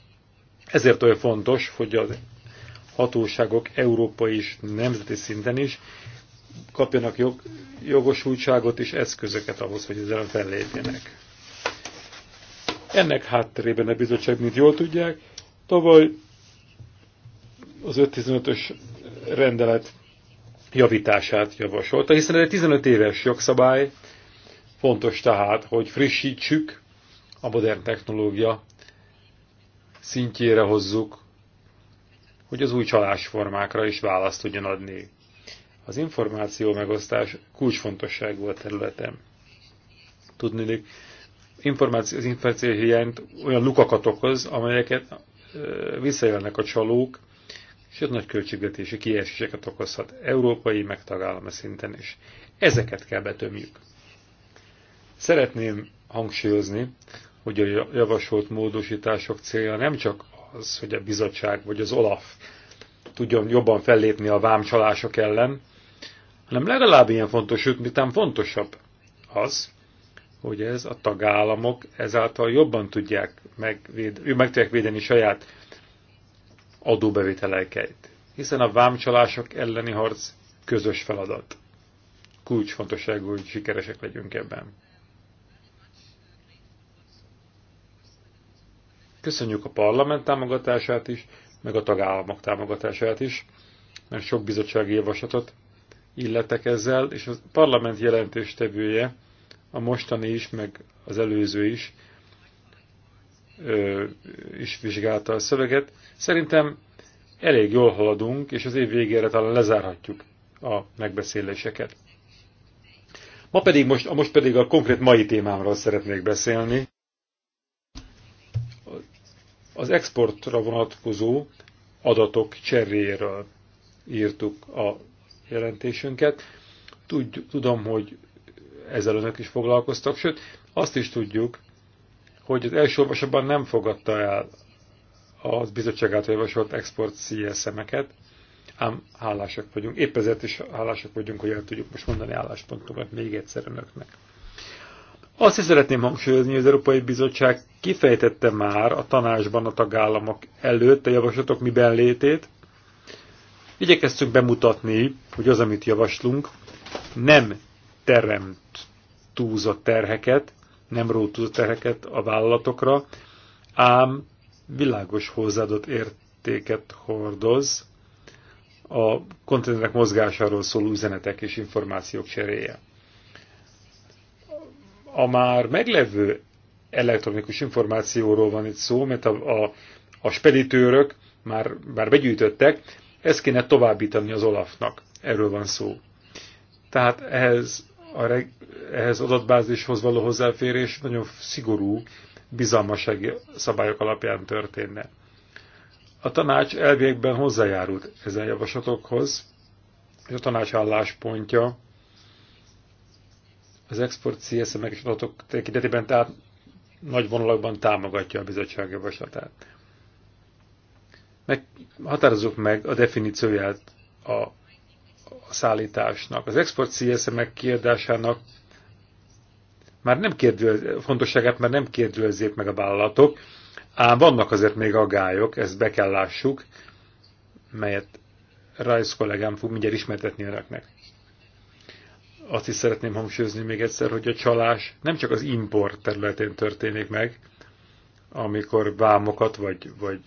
S3: ezért olyan fontos, hogy az hatóságok európai és nemzeti szinten is kapjanak jog, jogosultságot és eszközöket ahhoz, hogy ezzel fellépjenek. Ennek hátterében a bizottság, mint jól tudják, tavaly az 515-ös rendelet javítását javasolta, hiszen ez egy 15 éves jogszabály, fontos tehát, hogy frissítsük, a modern technológia szintjére hozzuk, hogy az új csalásformákra is választ tudjon adni. Az információ megosztás kulcsfontosság a területem. Tudni, információ, az információ hiányt olyan lukakat okoz, amelyeket visszajelnek a csalók, sőt nagy költségvetési kieséseket okozhat európai, meg tagállami szinten is. Ezeket kell betömjük. Szeretném hangsúlyozni, hogy a javasolt módosítások célja nem csak az, hogy a bizottság vagy az OLAF tudjon jobban fellépni a vámcsalások ellen, hanem legalább ilyen fontos, sőt, mitán fontosabb az, hogy ez a tagállamok ezáltal jobban tudják megvéd, meg tudják védeni saját adóbevételeket, hiszen a vámcsalások elleni harc közös feladat. Kulcsfontosságú, hogy sikeresek legyünk ebben. Köszönjük a parlament támogatását is, meg a tagállamok támogatását is, mert sok bizottsági javaslatot illetek ezzel, és a parlament jelentéstevője, a mostani is, meg az előző is is vizsgálta a szöveget. Szerintem elég jól haladunk, és az év végére talán lezárhatjuk a megbeszéléseket. Ma pedig most, most pedig a konkrét mai témámról szeretnék beszélni. Az exportra vonatkozó adatok cseréről írtuk a jelentésünket. Tudj, tudom, hogy ezzel önök is foglalkoztak, sőt, azt is tudjuk, hogy az első olvasóban nem fogadta el az bizottság által javasolt export CSM-eket, ám hálásak vagyunk. Épp ezért is hálásak vagyunk, hogy el tudjuk most mondani álláspontokat még egyszer önöknek. Azt is szeretném hangsúlyozni, hogy az Európai Bizottság kifejtette már a tanácsban a tagállamok előtt a javaslatok miben létét. Igyekeztünk bemutatni, hogy az, amit javaslunk, nem teremt túlzott terheket, nem rótó teheket a vállalatokra, ám világos hozzáadott értéket hordoz a konténerek mozgásáról szóló üzenetek és információk cseréje. A már meglevő elektronikus információról van itt szó, mert a, a, a speditőrök már, már begyűjtöttek, ezt kéne továbbítani az Olafnak. Erről van szó. Tehát ehhez a reg, ehhez adatbázishoz való hozzáférés nagyon szigorú bizalmasági szabályok alapján történne. A tanács elvégben hozzájárult ezen javaslatokhoz, és a tanács álláspontja az export CSM-ek és adatok tekintetében tehát nagy vonalakban támogatja a bizottság javaslatát. Meg, határozzuk meg a definícióját a a szállításnak. Az export CSM-ek kiadásának már nem kérdőz, fontosságát már nem kérdőzzék meg a vállalatok, ám vannak azért még agályok, ezt be kell lássuk, melyet Rice kollégám fog mindjárt ismertetni önöknek. Azt is szeretném hangsúlyozni még egyszer, hogy a csalás nem csak az import területén történik meg, amikor vámokat vagy, vagy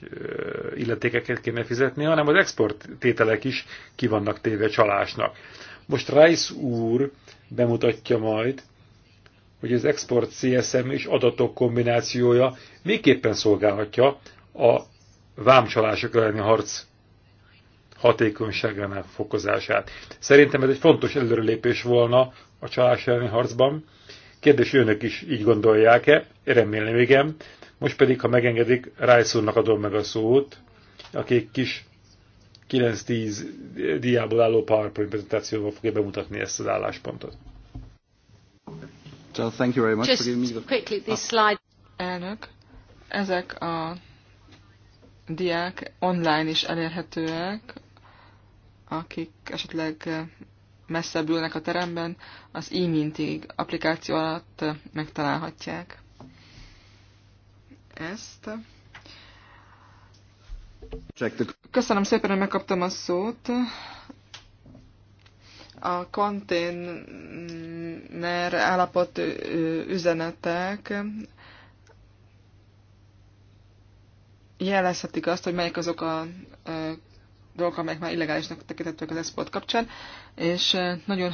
S3: illetékeket kéne fizetni, hanem az export tételek is ki vannak téve csalásnak. Most Rice úr bemutatja majd, hogy az export CSM és adatok kombinációja miképpen szolgálhatja a vámcsalások elleni harc hatékonyságának fokozását. Szerintem ez egy fontos előrelépés volna a csalás elleni harcban. Kérdés, önök is így gondolják-e? Remélem, igen. Most pedig, ha megengedik, Rice úrnak adom meg a szót, aki egy kis 9-10 diából álló PowerPoint prezentációval fogja bemutatni ezt az álláspontot. So, thank you very much Just for
S2: giving me the... quickly, this ah. slide. Elnök, ezek a diák online is elérhetőek, akik esetleg messzebb ülnek a teremben, az e-minting applikáció alatt megtalálhatják ezt. Köszönöm szépen, hogy megkaptam a szót. A konténer állapot üzenetek jelezhetik azt, hogy melyik azok a dolgok, amelyek már illegálisnak tekintettek az export kapcsán, és nagyon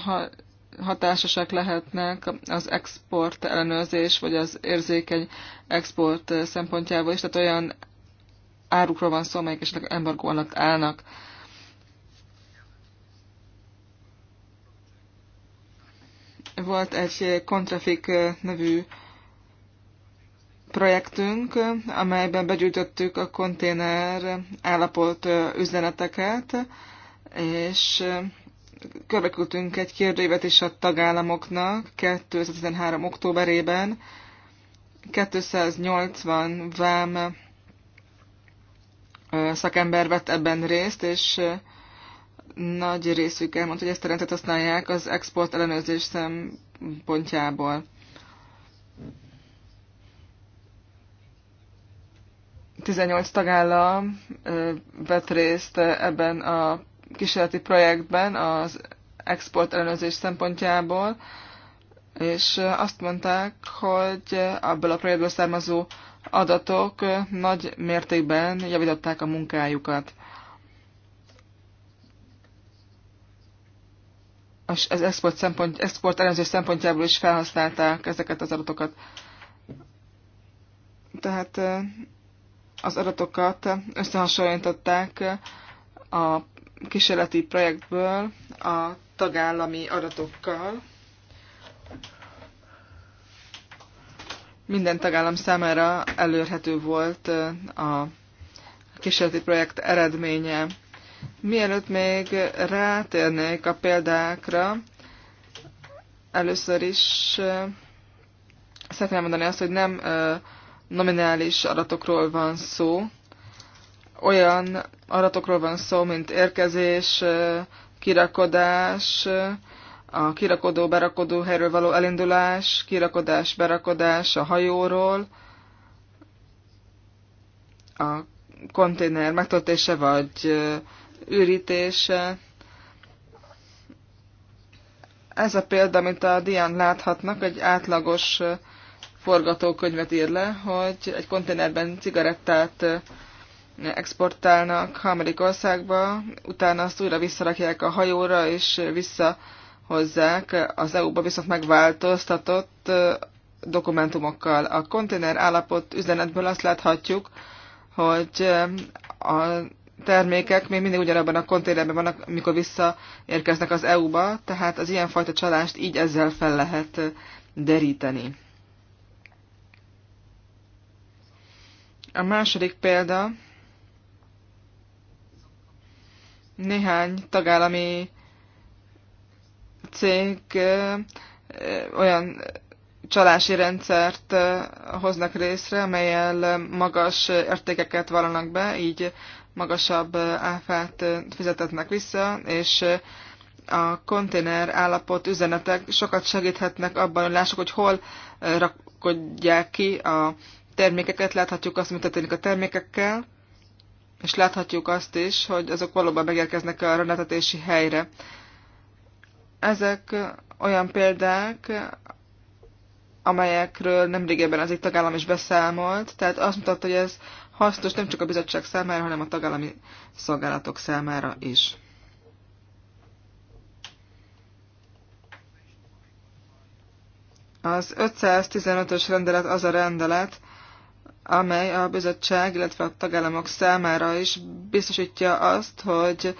S2: hatásosak lehetnek az export ellenőrzés, vagy az érzékeny export szempontjából is, tehát olyan árukról van szó, amelyek esetleg embargó alatt állnak. Volt egy kontrafik nevű projektünk, amelyben begyűjtöttük a konténer állapot üzeneteket, és körbekültünk egy kérdőívet is a tagállamoknak 2013. októberében. 280 vám szakember vett ebben részt, és nagy részük elmondta, hogy ezt a rendet használják az export ellenőrzés szempontjából. 18 tagállam vett részt ebben a kísérleti projektben az export ellenőrzés szempontjából, és azt mondták, hogy abból a projektből származó adatok nagy mértékben javították a munkájukat. Az export, szempont, export elemzés szempontjából is felhasználták ezeket az adatokat. Tehát az adatokat összehasonlították a kísérleti projektből a tagállami adatokkal. Minden tagállam számára elérhető volt a kísérleti projekt eredménye. Mielőtt még rátérnék a példákra, először is szeretném mondani azt, hogy nem nominális adatokról van szó, olyan adatokról van szó, mint érkezés, kirakodás, a kirakodó-berakodó helyről való elindulás, kirakodás-berakodás a hajóról, a konténer megtöltése vagy ürítése. Ez a példa, amit a dián láthatnak, egy átlagos forgatókönyvet ír le, hogy egy konténerben cigarettát exportálnak harmadik országba, utána azt újra visszarakják a hajóra, és visszahozzák az EU-ba viszont megváltoztatott dokumentumokkal. A konténer állapot üzenetből azt láthatjuk, hogy a termékek még mindig ugyanabban a konténerben vannak, mikor visszaérkeznek az EU-ba, tehát az ilyenfajta csalást így ezzel fel lehet deríteni. A második példa néhány tagállami cég olyan csalási rendszert hoznak részre, amelyel magas értékeket vallanak be, így magasabb áfát fizetetnek vissza, és a konténer állapot üzenetek sokat segíthetnek abban, hogy lássuk, hogy hol rakodják ki a termékeket, láthatjuk azt, mi történik a termékekkel, és láthatjuk azt is, hogy azok valóban megérkeznek a rendeltetési helyre. Ezek olyan példák, amelyekről nemrégében az egy tagállam is beszámolt, tehát azt mutatta, hogy ez hasznos nem csak a bizottság számára, hanem a tagállami szolgálatok számára is. Az 515-ös rendelet az a rendelet, amely a bizottság, illetve a tagállamok számára is biztosítja azt, hogy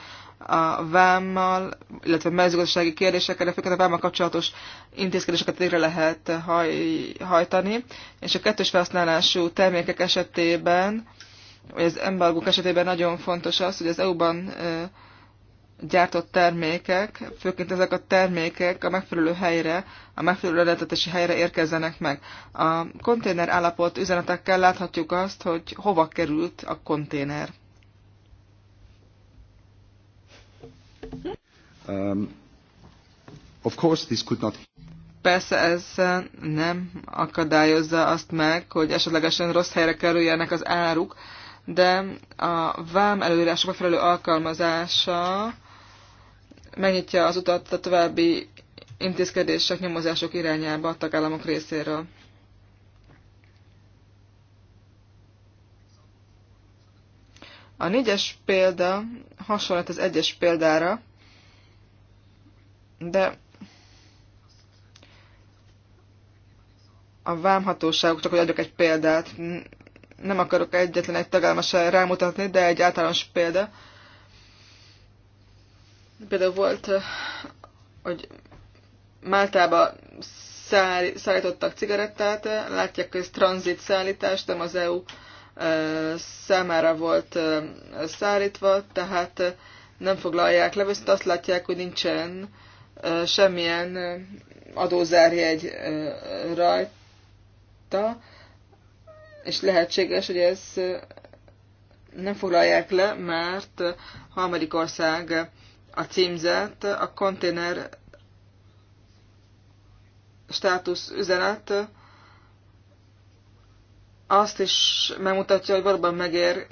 S2: a vámmal, illetve mezőgazdasági kérdésekkel főként a vámmal kapcsolatos intézkedéseket végre lehet haj, hajtani, és a kettős felhasználású termékek esetében, vagy az embargók esetében nagyon fontos az, hogy az EU-ban gyártott termékek, főként ezek a termékek a megfelelő helyre, a megfelelő eredetési helyre érkezzenek meg. A konténer állapot üzenetekkel láthatjuk azt, hogy hova került a konténer.
S1: Um, of course this could not...
S2: Persze ez nem akadályozza azt meg, hogy esetlegesen rossz helyre kerüljenek az áruk, de a vám előírások megfelelő alkalmazása megnyitja az utat a további intézkedések, nyomozások irányába a tagállamok részéről. A négyes példa hasonlít az egyes példára, de a vámhatóságok, csak hogy adjak egy példát, nem akarok egyetlen egy tagállamra rámutatni, de egy általános példa, Például volt, hogy Máltába szállítottak cigarettát, látják, hogy ez tranzit szállítás, nem az EU számára volt szállítva, tehát nem foglalják le, viszont azt látják, hogy nincsen semmilyen adózárjegy rajta, és lehetséges, hogy ez nem foglalják le, mert harmadik ország a címzet, a konténer státusz üzenet azt is megmutatja, hogy valóban megér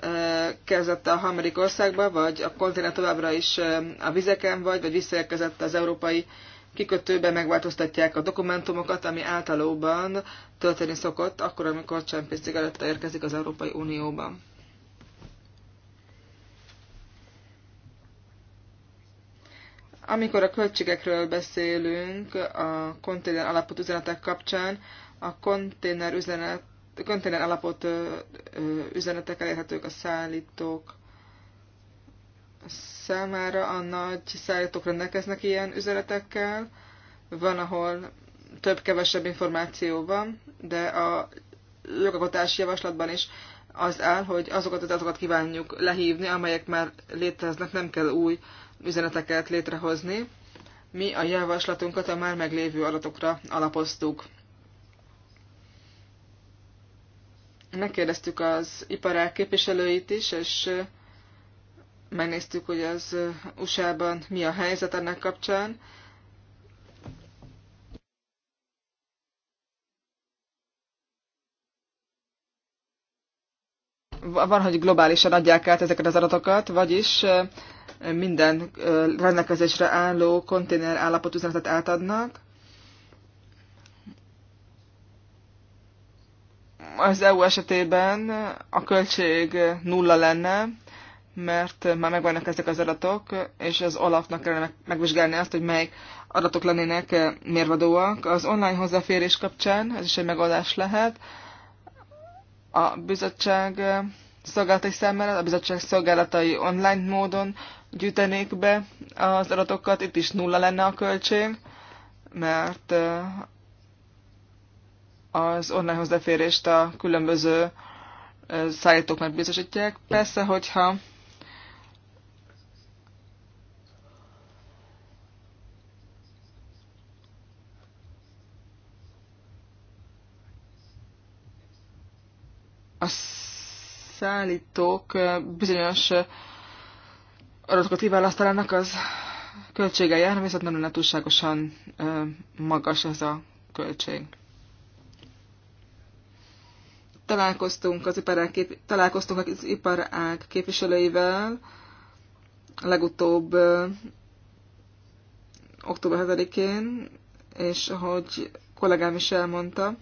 S2: e, kezdett a harmadik országba, vagy a konténer továbbra is e, a vizeken vagy, vagy visszaérkezett az európai kikötőben megváltoztatják a dokumentumokat, ami általában történni szokott, akkor, amikor csempész cigaretta érkezik az Európai Unióban. Amikor a költségekről beszélünk a konténer alapot üzenetek kapcsán, a konténer, üzenet, konténer alapot üzenetek elérhetők a szállítók számára, a nagy szállítók rendelkeznek ilyen üzenetekkel, van, ahol több-kevesebb információ van, de a jogalkotási javaslatban is az áll, hogy azokat az azokat kívánjuk lehívni, amelyek már léteznek, nem kell új üzeneteket létrehozni. Mi a javaslatunkat a már meglévő adatokra alapoztuk. Megkérdeztük az iparák képviselőit is, és megnéztük, hogy az USA-ban mi a helyzet ennek kapcsán. Van, hogy globálisan adják át ezeket az adatokat, vagyis minden rendelkezésre álló konténer állapotú üzenetet átadnak. Az EU esetében a költség nulla lenne, mert már megvannak ezek az adatok, és az alapnak kellene megvizsgálni azt, hogy melyik adatok lennének mérvadóak. Az online hozzáférés kapcsán ez is egy megoldás lehet. A bizottság szolgálatai szemmel, a bizottság szolgálatai online módon gyűjtenék be az adatokat, itt is nulla lenne a költség, mert az online hozzáférést a különböző szállítók már biztosítják. Persze, hogyha a szállítók bizonyos adatokat kiválasztalának, az költsége jár, viszont nem lenne túlságosan magas ez a költség. Találkoztunk az, iparág, kép... találkoztunk az iparág képviselőivel legutóbb október 7-én, és ahogy kollégám is elmondta,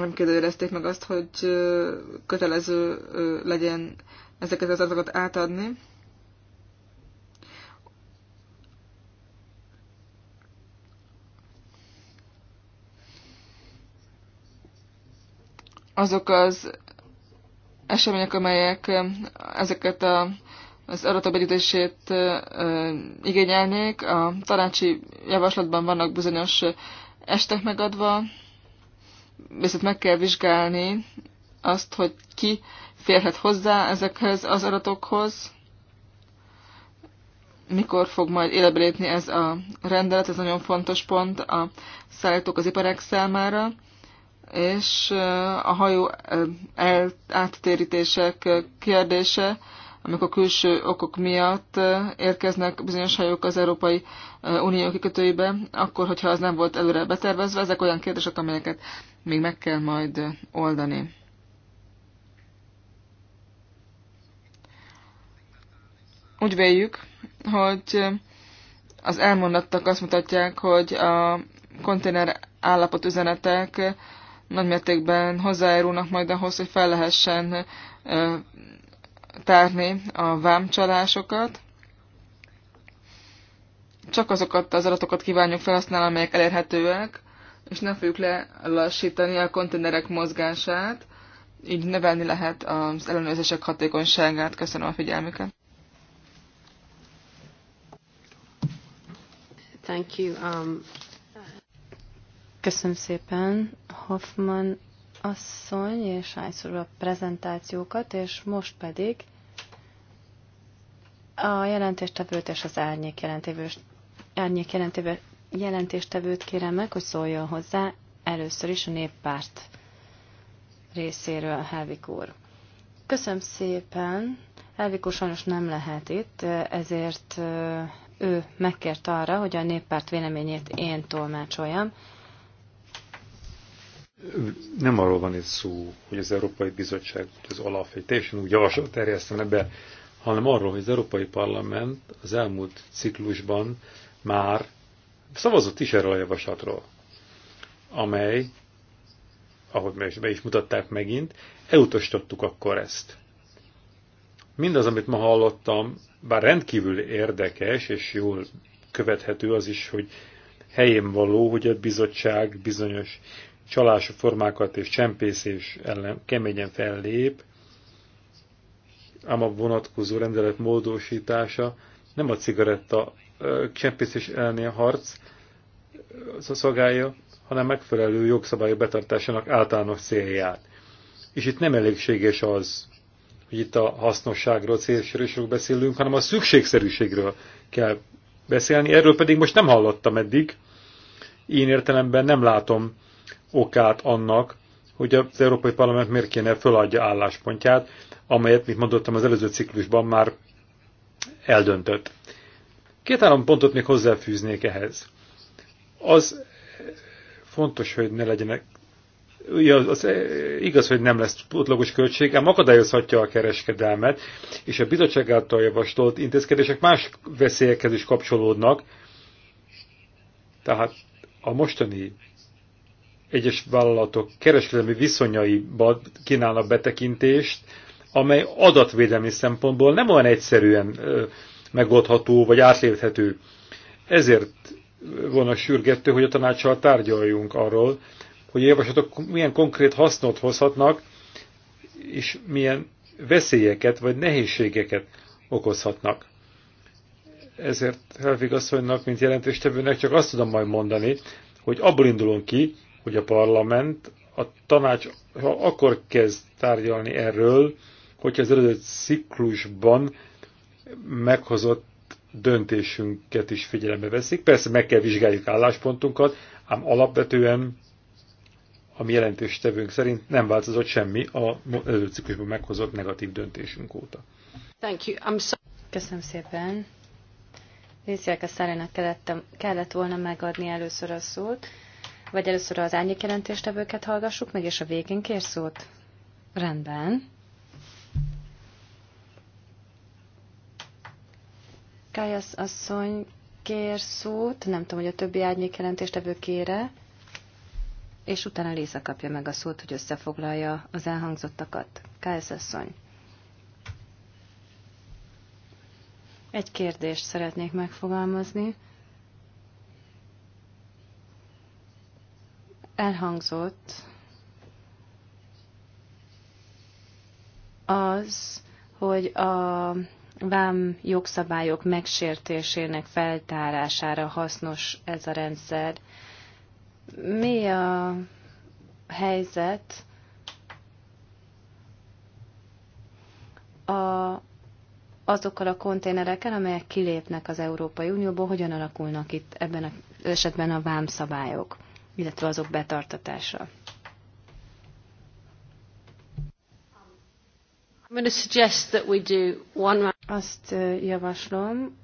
S2: nem kérdőjelezték meg azt, hogy kötelező legyen ezeket az adatokat átadni. Azok az események, amelyek ezeket a, az adatok begyűjtését igényelnék, a tanácsi javaslatban vannak bizonyos estek megadva, viszont meg kell vizsgálni azt, hogy ki férhet hozzá ezekhez az adatokhoz, mikor fog majd életbe lépni ez a rendelet, ez nagyon fontos pont a szállítók az iparek számára, és eh, a hajó eh, el, áttérítések eh, kérdése, amikor külső okok miatt érkeznek bizonyos hajók az Európai Unió kikötőibe, akkor, hogyha az nem volt előre betervezve, ezek olyan kérdések, amelyeket még meg kell majd oldani. Úgy véljük, hogy az elmondattak azt mutatják, hogy a konténer állapot üzenetek nagymértékben hozzájárulnak majd ahhoz, hogy fel lehessen tárni a vámcsalásokat. Csak azokat az adatokat kívánjuk felhasználni, amelyek elérhetőek, és nem fogjuk lelassítani a konténerek mozgását, így növelni lehet az ellenőrzések hatékonyságát. Köszönöm a figyelmüket. Thank you. Um...
S1: Köszönöm szépen Hoffman asszony és hányszor a prezentációkat, és most pedig a jelentéstevőt és az árnyék jelentévőt árnyék jelentéstevőt kérem meg, hogy szóljon hozzá először is a néppárt részéről, Helvik úr. Köszönöm szépen. Helvik úr sajnos nem lehet itt, ezért ő megkért arra, hogy a néppárt véleményét én tolmácsoljam.
S3: Nem arról van itt szó, hogy az Európai Bizottság az alap egy teljesen úgy javaslat terjesztene be, hanem arról, hogy az Európai Parlament az elmúlt ciklusban már szavazott is erről a javaslatról, amely, ahogy be is mutatták megint, elutasítottuk akkor ezt. Mindaz, amit ma hallottam, bár rendkívül érdekes és jól követhető az is, hogy helyén való, hogy a bizottság bizonyos csalási formákat és csempészés ellen keményen fellép, ám a vonatkozó rendelet módosítása nem a cigaretta kempészés elleni a harc szolgálja, hanem megfelelő jogszabályok betartásának általános célját. És itt nem elégséges az, hogy itt a hasznosságról, célsérésről beszélünk, hanem a szükségszerűségről kell beszélni. Erről pedig most nem hallottam eddig. Én értelemben nem látom okát annak, hogy az Európai Parlament miért kéne föladja álláspontját, amelyet, mint mondottam, az előző ciklusban már eldöntött. Két-három pontot még hozzáfűznék ehhez. Az fontos, hogy ne legyenek Ja, az igaz, hogy nem lesz pótlagos költség, ám akadályozhatja a kereskedelmet, és a bizottság által javasolt intézkedések más veszélyekhez is kapcsolódnak. Tehát a mostani egyes vállalatok kereskedelmi viszonyaiba kínálnak betekintést, amely adatvédelmi szempontból nem olyan egyszerűen megoldható vagy átléphető. Ezért volna sürgető, hogy a tanácssal tárgyaljunk arról, hogy a javaslatok milyen konkrét hasznot hozhatnak, és milyen veszélyeket vagy nehézségeket okozhatnak. Ezért Helvig asszonynak, mint jelentéstevőnek csak azt tudom majd mondani, hogy abból indulunk ki, hogy a parlament, a tanács ha akkor kezd tárgyalni erről, hogyha az előző ciklusban meghozott döntésünket is figyelembe veszik. Persze meg kell vizsgáljuk álláspontunkat, ám alapvetően a mi jelentős tevőnk szerint nem változott semmi a előciklusban meghozott negatív döntésünk óta.
S1: Thank you. I'm so- Köszönöm szépen. Nézzék, a Szárának kellett, kellett volna megadni először a szót, vagy először az árnyék jelentéstevőket hallgassuk meg, és a végén kér szót. Rendben. Kályasz asszony kér szót, nem tudom, hogy a többi árnyék jelentéstevő kére, és utána Léza kapja meg a szót, hogy összefoglalja az elhangzottakat. Kályasz asszony. Egy kérdést szeretnék megfogalmazni. Elhangzott az, hogy a vám jogszabályok megsértésének feltárására hasznos ez a rendszer. Mi a helyzet a, azokkal a konténerekkel, amelyek kilépnek az Európai Unióból, hogyan alakulnak itt ebben az esetben a vámszabályok, illetve azok betartatása? I'm going to suggest that we do one azt javaslom,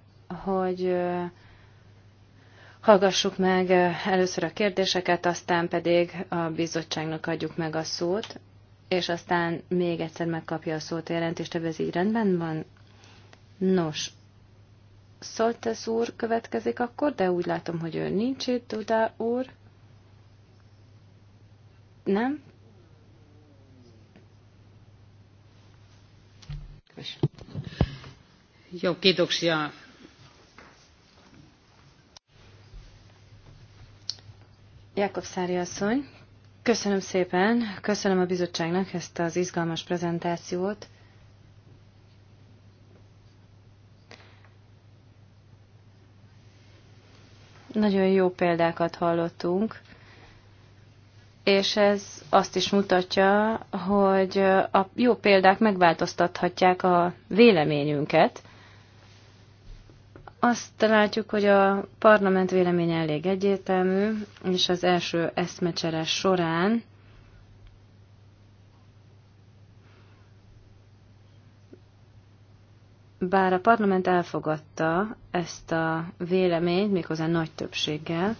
S1: hogy hallgassuk meg először a kérdéseket, aztán pedig a bizottságnak adjuk meg a szót, és aztán még egyszer megkapja a szót a jelentést, ez így rendben van? Nos, Szoltesz úr következik akkor, de úgy látom, hogy ő nincs itt, Dudá úr. Nem? Jó, kiitoksia. Jakob Szári asszony, köszönöm szépen, köszönöm a bizottságnak ezt az izgalmas prezentációt. Nagyon jó példákat hallottunk, és ez azt is mutatja, hogy a jó példák megváltoztathatják a véleményünket, azt látjuk, hogy a parlament véleménye elég egyértelmű, és az első eszmecsere során bár a parlament elfogadta ezt a véleményt, méghozzá nagy többséggel,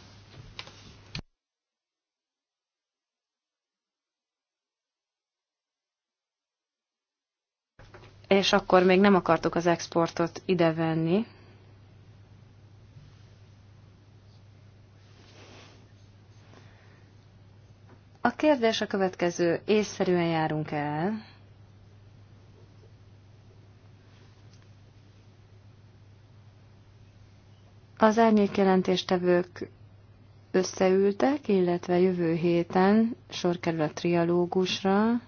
S1: és akkor még nem akartuk az exportot idevenni, A kérdés a következő, észszerűen járunk el. Az árnyék jelentéstevők összeültek, illetve jövő héten sor kerül a trialógusra.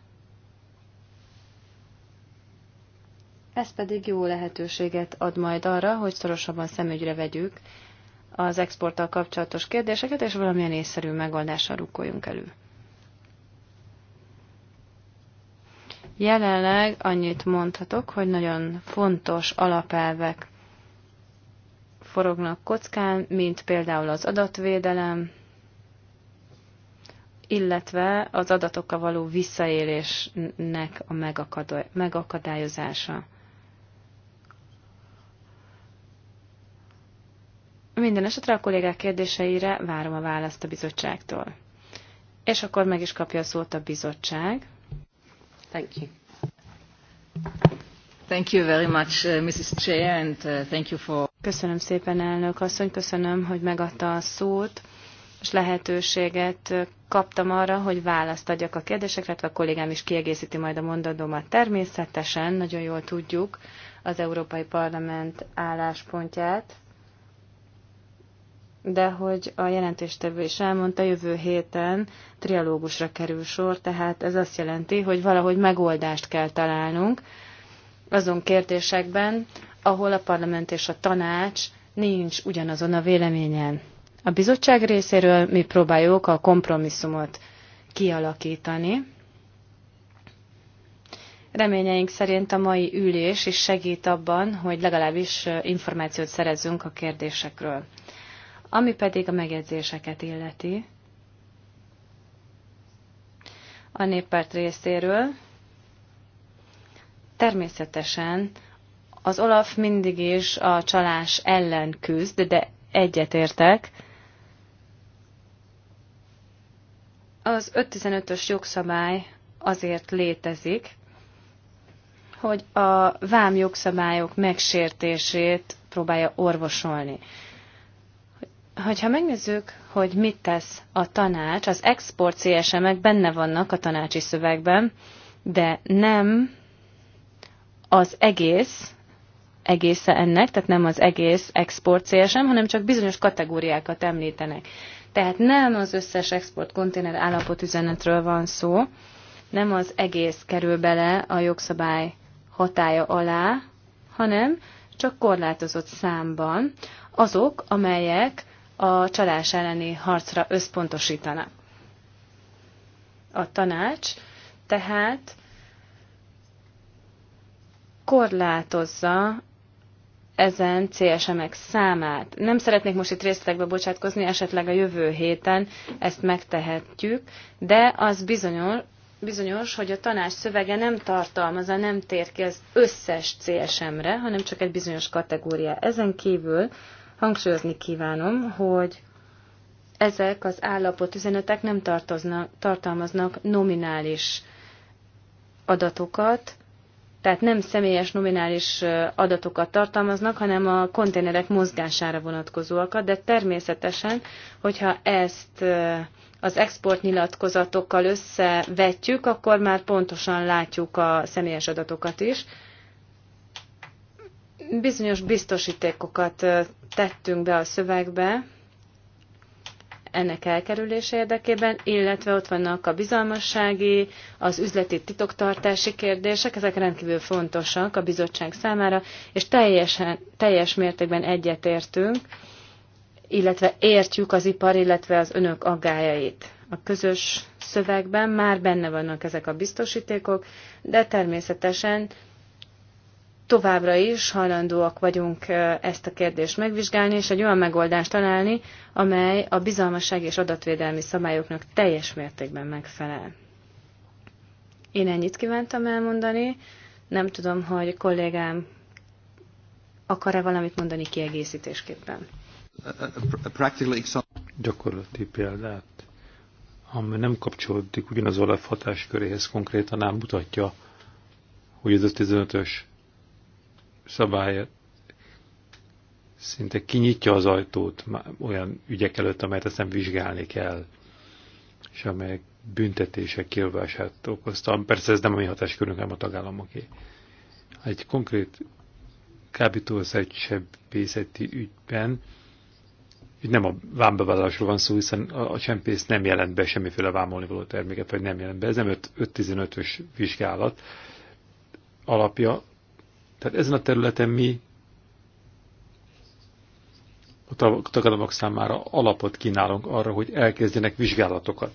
S1: Ez pedig jó lehetőséget ad majd arra, hogy szorosabban szemügyre vegyük az exporttal kapcsolatos kérdéseket, és valamilyen észszerű megoldással rukkoljunk elő. Jelenleg annyit mondhatok, hogy nagyon fontos alapelvek forognak kockán, mint például az adatvédelem, illetve az adatokkal való visszaélésnek a megakadályozása. Minden esetre a kollégák kérdéseire várom a választ a bizottságtól. És akkor meg is kapja a szót a bizottság. Thank you. Thank you very much, uh, Mrs. Chair, and uh, thank you for... Köszönöm szépen, elnök asszony, köszönöm, hogy megadta a szót és lehetőséget uh, kaptam arra, hogy választ adjak a kérdésekre, illetve a kollégám is kiegészíti majd a mondatomat. Természetesen nagyon jól tudjuk az Európai Parlament álláspontját de hogy a jelentéstevő is elmondta, jövő héten trialógusra kerül sor, tehát ez azt jelenti, hogy valahogy megoldást kell találnunk azon kérdésekben, ahol a parlament és a tanács nincs ugyanazon a véleményen. A bizottság részéről mi próbáljuk a kompromisszumot kialakítani. Reményeink szerint a mai ülés is segít abban, hogy legalábbis információt szerezzünk a kérdésekről. Ami pedig a megjegyzéseket illeti, a néppárt részéről természetesen az Olaf mindig is a csalás ellen küzd, de egyetértek. Az 515-ös jogszabály azért létezik, hogy a vám jogszabályok megsértését próbálja orvosolni. Hogyha megnézzük, hogy mit tesz a tanács, az export CSM-ek benne vannak a tanácsi szövegben, de nem az egész egésze ennek, tehát nem az egész export CSM, hanem csak bizonyos kategóriákat említenek. Tehát nem az összes export konténer állapot üzenetről van szó, nem az egész kerül bele a jogszabály hatája alá, hanem csak korlátozott számban azok, amelyek a csalás elleni harcra összpontosítana. A tanács tehát korlátozza ezen CSM-ek számát. Nem szeretnék most itt részletekbe bocsátkozni, esetleg a jövő héten ezt megtehetjük, de az bizonyos, bizonyos, hogy a tanács szövege nem tartalmazza, nem tér ki az összes CSM-re, hanem csak egy bizonyos kategória. Ezen kívül Hangsúlyozni kívánom, hogy ezek az állapot üzenetek nem tartoznak, tartalmaznak nominális adatokat, tehát nem személyes nominális adatokat tartalmaznak, hanem a konténerek mozgására vonatkozóakat, de természetesen, hogyha ezt az exportnyilatkozatokkal összevetjük, akkor már pontosan látjuk a személyes adatokat is. Bizonyos biztosítékokat tettünk be a szövegbe ennek elkerülése érdekében, illetve ott vannak a bizalmassági, az üzleti titoktartási kérdések, ezek rendkívül fontosak a bizottság számára, és teljesen, teljes mértékben egyetértünk, illetve értjük az ipar, illetve az önök aggájait. A közös szövegben már benne vannak ezek a biztosítékok, de természetesen továbbra is hajlandóak vagyunk ezt a kérdést megvizsgálni, és egy olyan megoldást találni, amely a bizalmasság és adatvédelmi szabályoknak teljes mértékben megfelel. Én ennyit kívántam elmondani. Nem tudom, hogy kollégám akar-e valamit mondani kiegészítésképpen.
S3: Gyakorlati példát, ami nem kapcsolódik ugyanaz a hatásköréhez konkrétan, ám mutatja, hogy ez a 15-ös szabály, szinte kinyitja az ajtót olyan ügyek előtt, amelyet aztán vizsgálni kell, és amelyek büntetések kilvását okozta. Persze ez nem a mi hatáskörünk, hanem a tagállamoké. Egy konkrét kábítószercsebészeti ügyben, itt nem a vámbevállalásról van szó, hiszen a csempész nem jelent be semmiféle vámolni való terméket, vagy nem jelent be. Ez nem 5-15-ös vizsgálat alapja, tehát ezen a területen mi a tagadomok számára alapot kínálunk arra, hogy elkezdjenek vizsgálatokat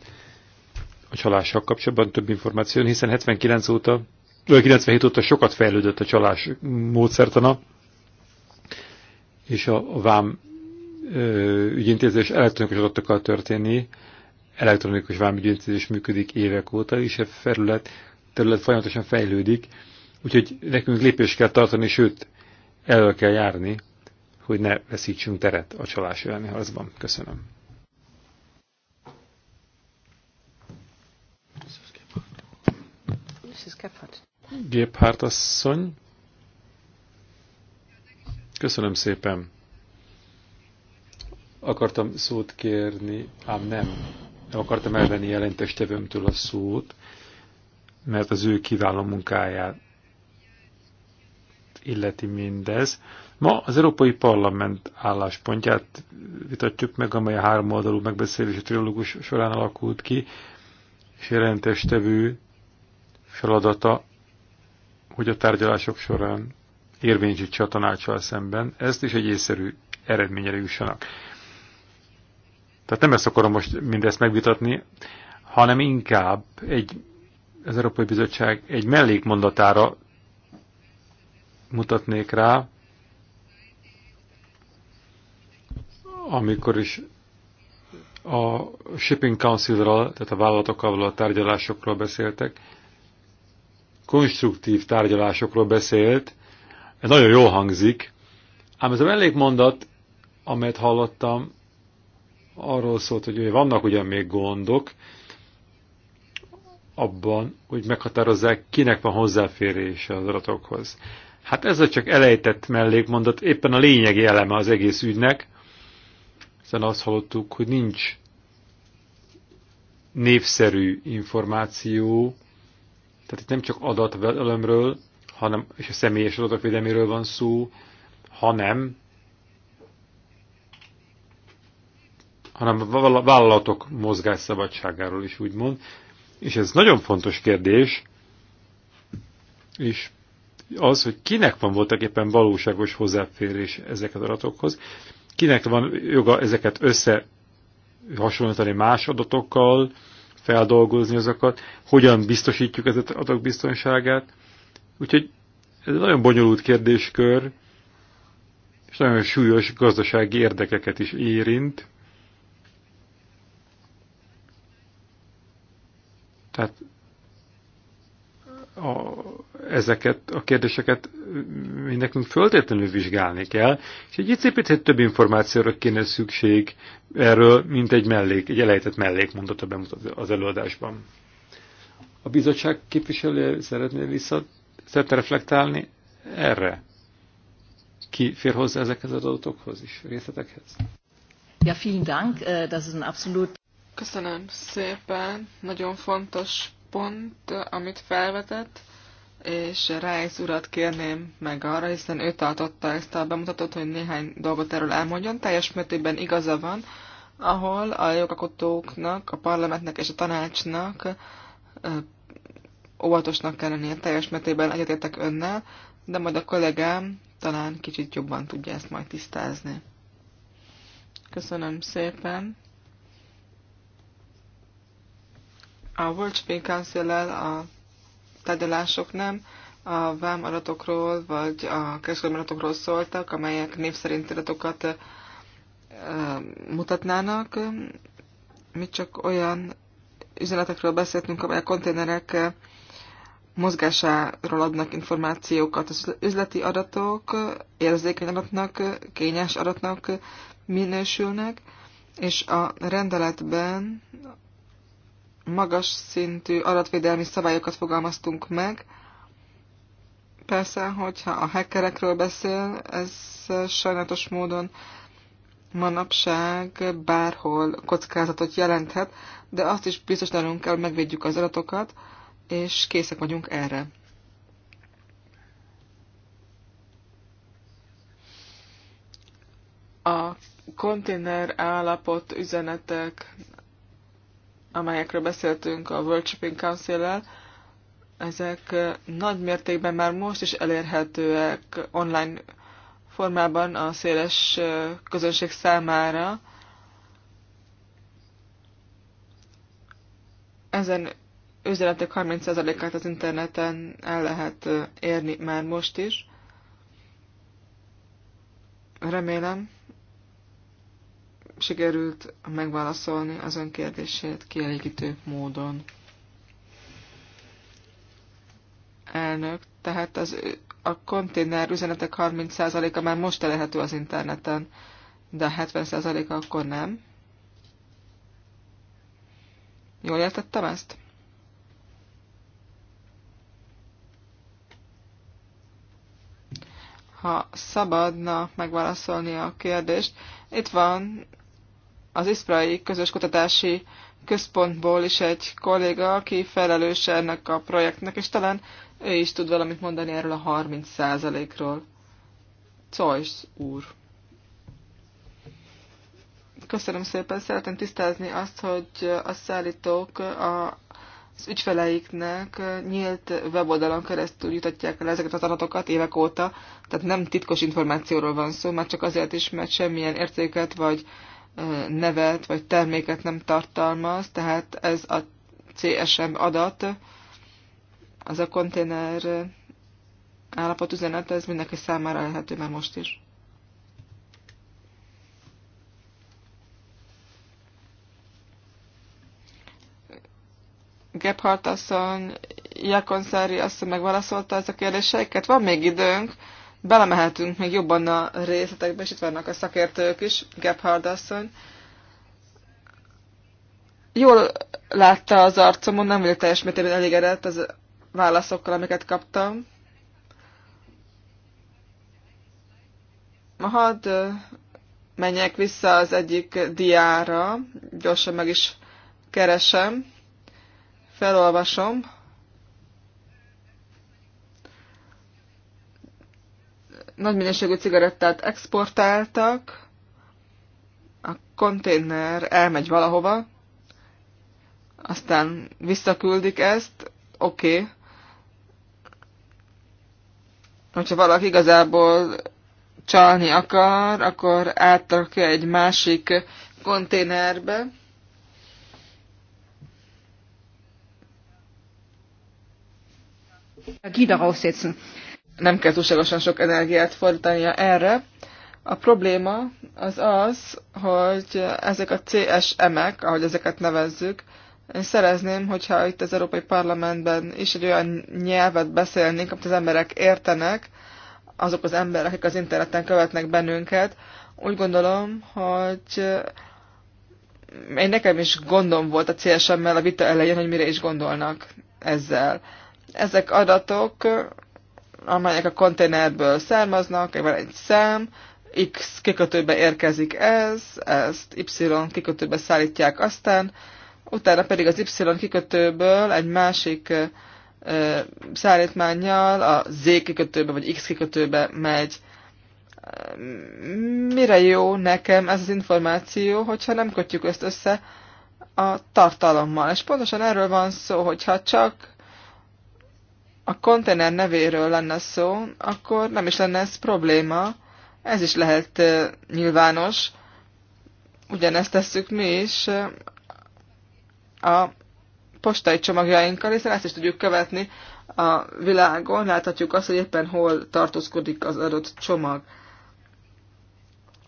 S3: a csalással kapcsolatban több információ, hiszen 79 óta, 97 óta sokat fejlődött a csalás
S1: módszertana,
S3: és a vám ügyintézés elektronikus adatokkal történni, elektronikus vámügyintézés működik évek óta, és a e felület, terület folyamatosan fejlődik, Úgyhogy nekünk lépés kell tartani, sőt, elő kell járni, hogy ne veszítsünk teret a csalás elleni harcban. Köszönöm. Géphárt asszony. Köszönöm szépen. Akartam szót kérni, ám nem. Nem akartam elvenni jelentestevőmtől a szót, mert az ő kiváló munkáját illeti mindez. Ma az Európai Parlament álláspontját vitatjuk meg, amely a három oldalú megbeszélési trilógus során alakult ki, és tevő feladata, hogy a tárgyalások során érvényesítse a tanácssal szemben ezt, is egy észszerű eredményre jussanak. Tehát nem ezt akarom most mindezt megvitatni, hanem inkább egy, az Európai Bizottság egy mellékmondatára mutatnék rá, amikor is a Shipping Council-ral, tehát a vállalatokkal a tárgyalásokról beszéltek, konstruktív tárgyalásokról beszélt, ez nagyon jól hangzik, ám ez a mellékmondat, amelyet hallottam, arról szólt, hogy vannak ugyan még gondok, abban, hogy meghatározzák, kinek van hozzáférése az adatokhoz. Hát ez csak elejtett mellékmondat, éppen a lényegi eleme az egész ügynek, hiszen azt hallottuk, hogy nincs névszerű információ, tehát itt nem csak adatvelemről, hanem, és a személyes adatvédelméről van szó, hanem, hanem a vállalatok mozgásszabadságáról is úgymond. És ez nagyon fontos kérdés, és az, hogy kinek van voltak éppen valóságos hozzáférés ezeket adatokhoz, kinek van joga ezeket összehasonlítani más adatokkal, feldolgozni azokat, hogyan biztosítjuk az adatok biztonságát. Úgyhogy ez egy nagyon bonyolult kérdéskör, és nagyon súlyos gazdasági érdekeket is érint. Tehát a, ezeket a kérdéseket mindenkünk föltétlenül vizsgálni kell, és egy icipicit több információra kéne szükség erről, mint egy mellék, egy elejtett mellékmondata bemutat az előadásban. A bizottság képviselője szeretné vissza, szeretne reflektálni erre? Ki fér hozzá ezekhez az adatokhoz is, részletekhez?
S2: Ja, vielen Dank, äh, das ist ein absolut... Köszönöm szépen, nagyon fontos pont, amit felvetett, és Reis urat kérném meg arra, hiszen ő tartotta ezt a bemutatót, hogy néhány dolgot erről elmondjon. Teljes mértékben igaza van, ahol a jogakotóknak, a parlamentnek és a tanácsnak óvatosnak kell lennie. Teljes mértékben egyetértek önnel, de majd a kollégám talán kicsit jobban tudja ezt majd tisztázni. Köszönöm szépen. A World Spring council a tárgyalások nem a vám adatokról, vagy a kereskedelmi adatokról szóltak, amelyek népszerint adatokat mutatnának. Mi csak olyan üzenetekről beszéltünk, amelyek konténerek mozgásáról adnak információkat. Az üzleti adatok érzékeny adatnak, kényes adatnak minősülnek, és a rendeletben magas szintű adatvédelmi szabályokat fogalmaztunk meg. Persze, hogyha a hackerekről beszél, ez sajnálatos módon manapság bárhol kockázatot jelenthet, de azt is nálunk kell, hogy megvédjük az adatokat, és készek vagyunk erre. A konténer állapot üzenetek amelyekről beszéltünk a World Shipping council ezek nagy mértékben már most is elérhetőek online formában a széles közönség számára. Ezen üzenetek 30%-át az interneten el lehet érni már most is. Remélem, sikerült megválaszolni az ön kérdését kielégítő módon. Elnök, tehát az, a konténer üzenetek 30%-a már most elérhető az interneten, de a 70%-a akkor nem. Jól értettem ezt? ha szabadna megválaszolni a kérdést. Itt van az Iszprai Közös Kutatási Központból is egy kolléga, aki felelős ennek a projektnek, és talán ő is tud valamit mondani erről a 30%-ról. Cojs úr. Köszönöm szépen, szeretném tisztázni azt, hogy a szállítók a az ügyfeleiknek nyílt weboldalon keresztül jutatják el ezeket az adatokat évek óta, tehát nem titkos információról van szó, már csak azért is, mert semmilyen értéket vagy nevet vagy terméket nem tartalmaz, tehát ez a CSM adat, az a konténer állapot üzenet, ez mindenki számára lehető már most is. Gebhardt asszony, Jakonszári asszony megválaszolta ezt a kérdéseiket. Van még időnk, belemehetünk még jobban a részletekbe, és itt vannak a szakértők is, Gebhard asszony. Jól látta az arcomon, nem vagyok teljes mértékben elégedett az válaszokkal, amiket kaptam. Ma hadd menjek vissza az egyik diára, gyorsan meg is keresem, felolvasom, nagy minőségű cigarettát exportáltak, a konténer elmegy valahova, aztán visszaküldik ezt, oké. Okay. Hogyha valaki igazából csalni akar, akkor átrakja egy másik konténerbe. Ki nem kell túlságosan sok energiát fordítania erre. A probléma az az, hogy ezek a CSM-ek, ahogy ezeket nevezzük, én szerezném, hogyha itt az Európai Parlamentben is egy olyan nyelvet beszélnénk, amit az emberek értenek, azok az emberek, akik az interneten követnek bennünket. Úgy gondolom, hogy én nekem is gondom volt a CSM-mel a vita elején, hogy mire is gondolnak ezzel. Ezek adatok amelyek a konténerből származnak, van egy szám, X kikötőbe érkezik ez, ezt Y kikötőbe szállítják aztán, utána pedig az Y kikötőből egy másik szállítmánnyal a Z kikötőbe vagy X kikötőbe megy. Mire jó nekem ez az információ, hogyha nem kötjük ezt össze a tartalommal? És pontosan erről van szó, hogyha csak a konténer nevéről lenne szó, akkor nem is lenne ez probléma. Ez is lehet nyilvános. Ugyanezt tesszük mi is a postai csomagjainkkal, hiszen ezt is tudjuk követni a világon. Láthatjuk azt, hogy éppen hol tartózkodik az adott csomag.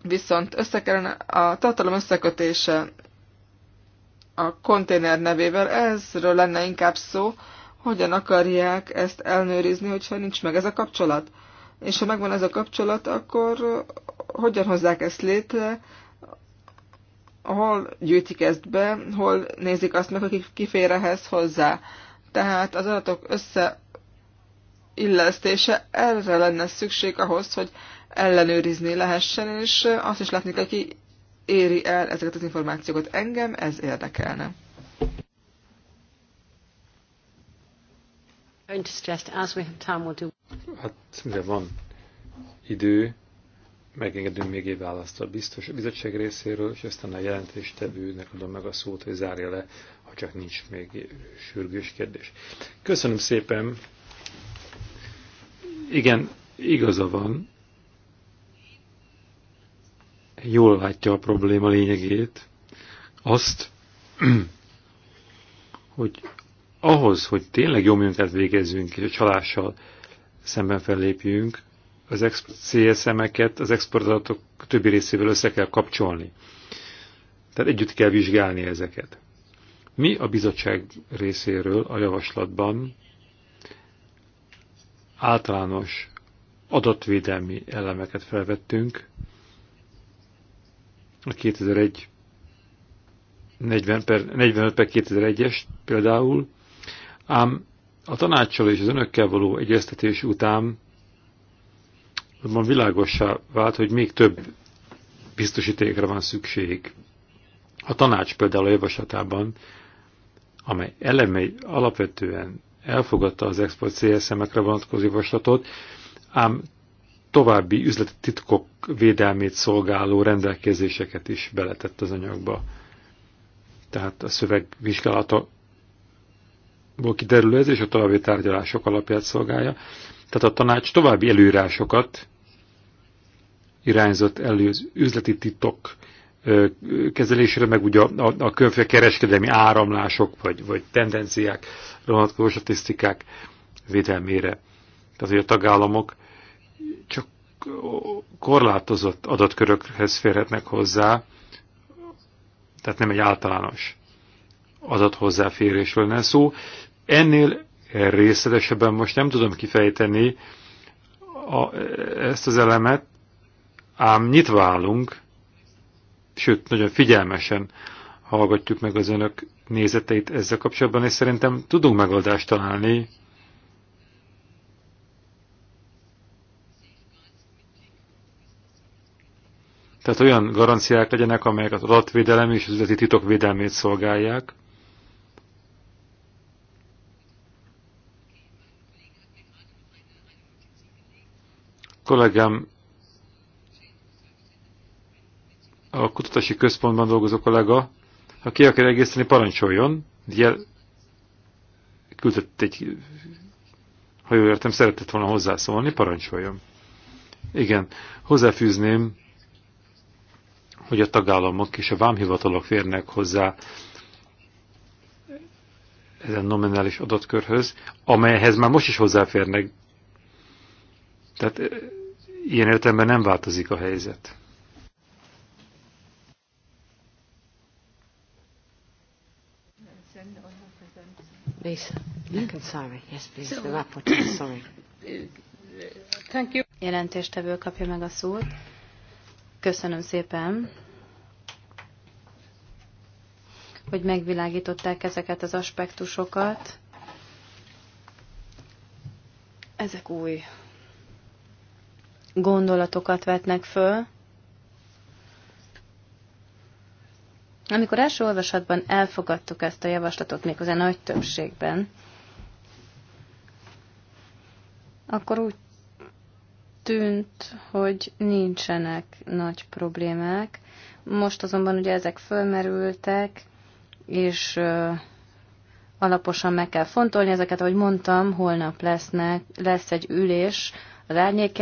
S2: Viszont össze a tartalom összekötése a konténer nevével, ezről lenne inkább szó, hogyan akarják ezt elnőrizni, hogyha nincs meg ez a kapcsolat. És ha megvan ez a kapcsolat, akkor hogyan hozzák ezt létre, hol gyűjtik ezt be, hol nézik azt meg, akik kifér ehhez hozzá. Tehát az adatok összeillesztése erre lenne szükség ahhoz, hogy ellenőrizni lehessen, és azt is látni, aki éri el ezeket az információkat. Engem ez érdekelne.
S3: Hát, mivel van idő, megengedünk még egy választ a biztos a bizottság részéről, és aztán a jelentéstevőnek adom meg a szót, hogy zárja le, ha csak nincs még sürgős kérdés. Köszönöm szépen! Igen, igaza van. Jól látja a probléma lényegét. Azt, hogy ahhoz, hogy tényleg jó munkát végezzünk, és a csalással szemben fellépjünk, az CSM-eket az exportatok többi részével össze kell kapcsolni. Tehát együtt kell vizsgálni ezeket. Mi a bizottság részéről a javaslatban általános adatvédelmi elemeket felvettünk a 2001 40 per, 45 per 2001-es például, Ám a tanácssal és az önökkel való egyeztetés után azonban világossá vált, hogy még több biztosítékra van szükség. A tanács például a javaslatában, amely elemei alapvetően elfogadta az export CSM-ekre vonatkozó javaslatot, ám további üzleti titkok védelmét szolgáló rendelkezéseket is beletett az anyagba. Tehát a szöveg vizsgálata tanácsból kiderül ez, és a további tárgyalások alapját szolgálja. Tehát a tanács további előírásokat irányzott elő az üzleti titok kezelésére, meg ugye a, a, a különféle kereskedelmi áramlások, vagy, vagy tendenciák, vonatkozó statisztikák védelmére. Tehát, hogy a tagállamok csak korlátozott adatkörökhez férhetnek hozzá, tehát nem egy általános adathozzáférésről lenne szó, Ennél részletesebben most nem tudom kifejteni a, ezt az elemet, ám nyitva állunk, sőt, nagyon figyelmesen hallgatjuk meg az önök nézeteit ezzel kapcsolatban, és szerintem tudunk megoldást találni. Tehát olyan garanciák legyenek, amelyek az adatvédelem és az üzleti titok védelmét szolgálják, kollégám, a kutatási központban dolgozó kollega, ha ki akar egészíteni, parancsoljon. Jel, küldött egy, ha jól értem, szeretett volna hozzászólni, parancsoljon. Igen, hozzáfűzném, hogy a tagállamok és a vámhivatalok férnek hozzá ezen nominális adatkörhöz, amelyhez már most is hozzáférnek. Tehát ilyen értelemben nem változik a helyzet.
S1: Jelentéstevő kapja meg a szót. Köszönöm szépen, hogy megvilágították ezeket az aspektusokat. Ezek új gondolatokat vetnek föl. Amikor első olvasatban elfogadtuk ezt a javaslatot, méghozzá nagy többségben, akkor úgy tűnt, hogy nincsenek nagy problémák. Most azonban ugye ezek fölmerültek, és alaposan meg kell fontolni ezeket, ahogy mondtam, holnap lesznek, lesz egy ülés az árnyék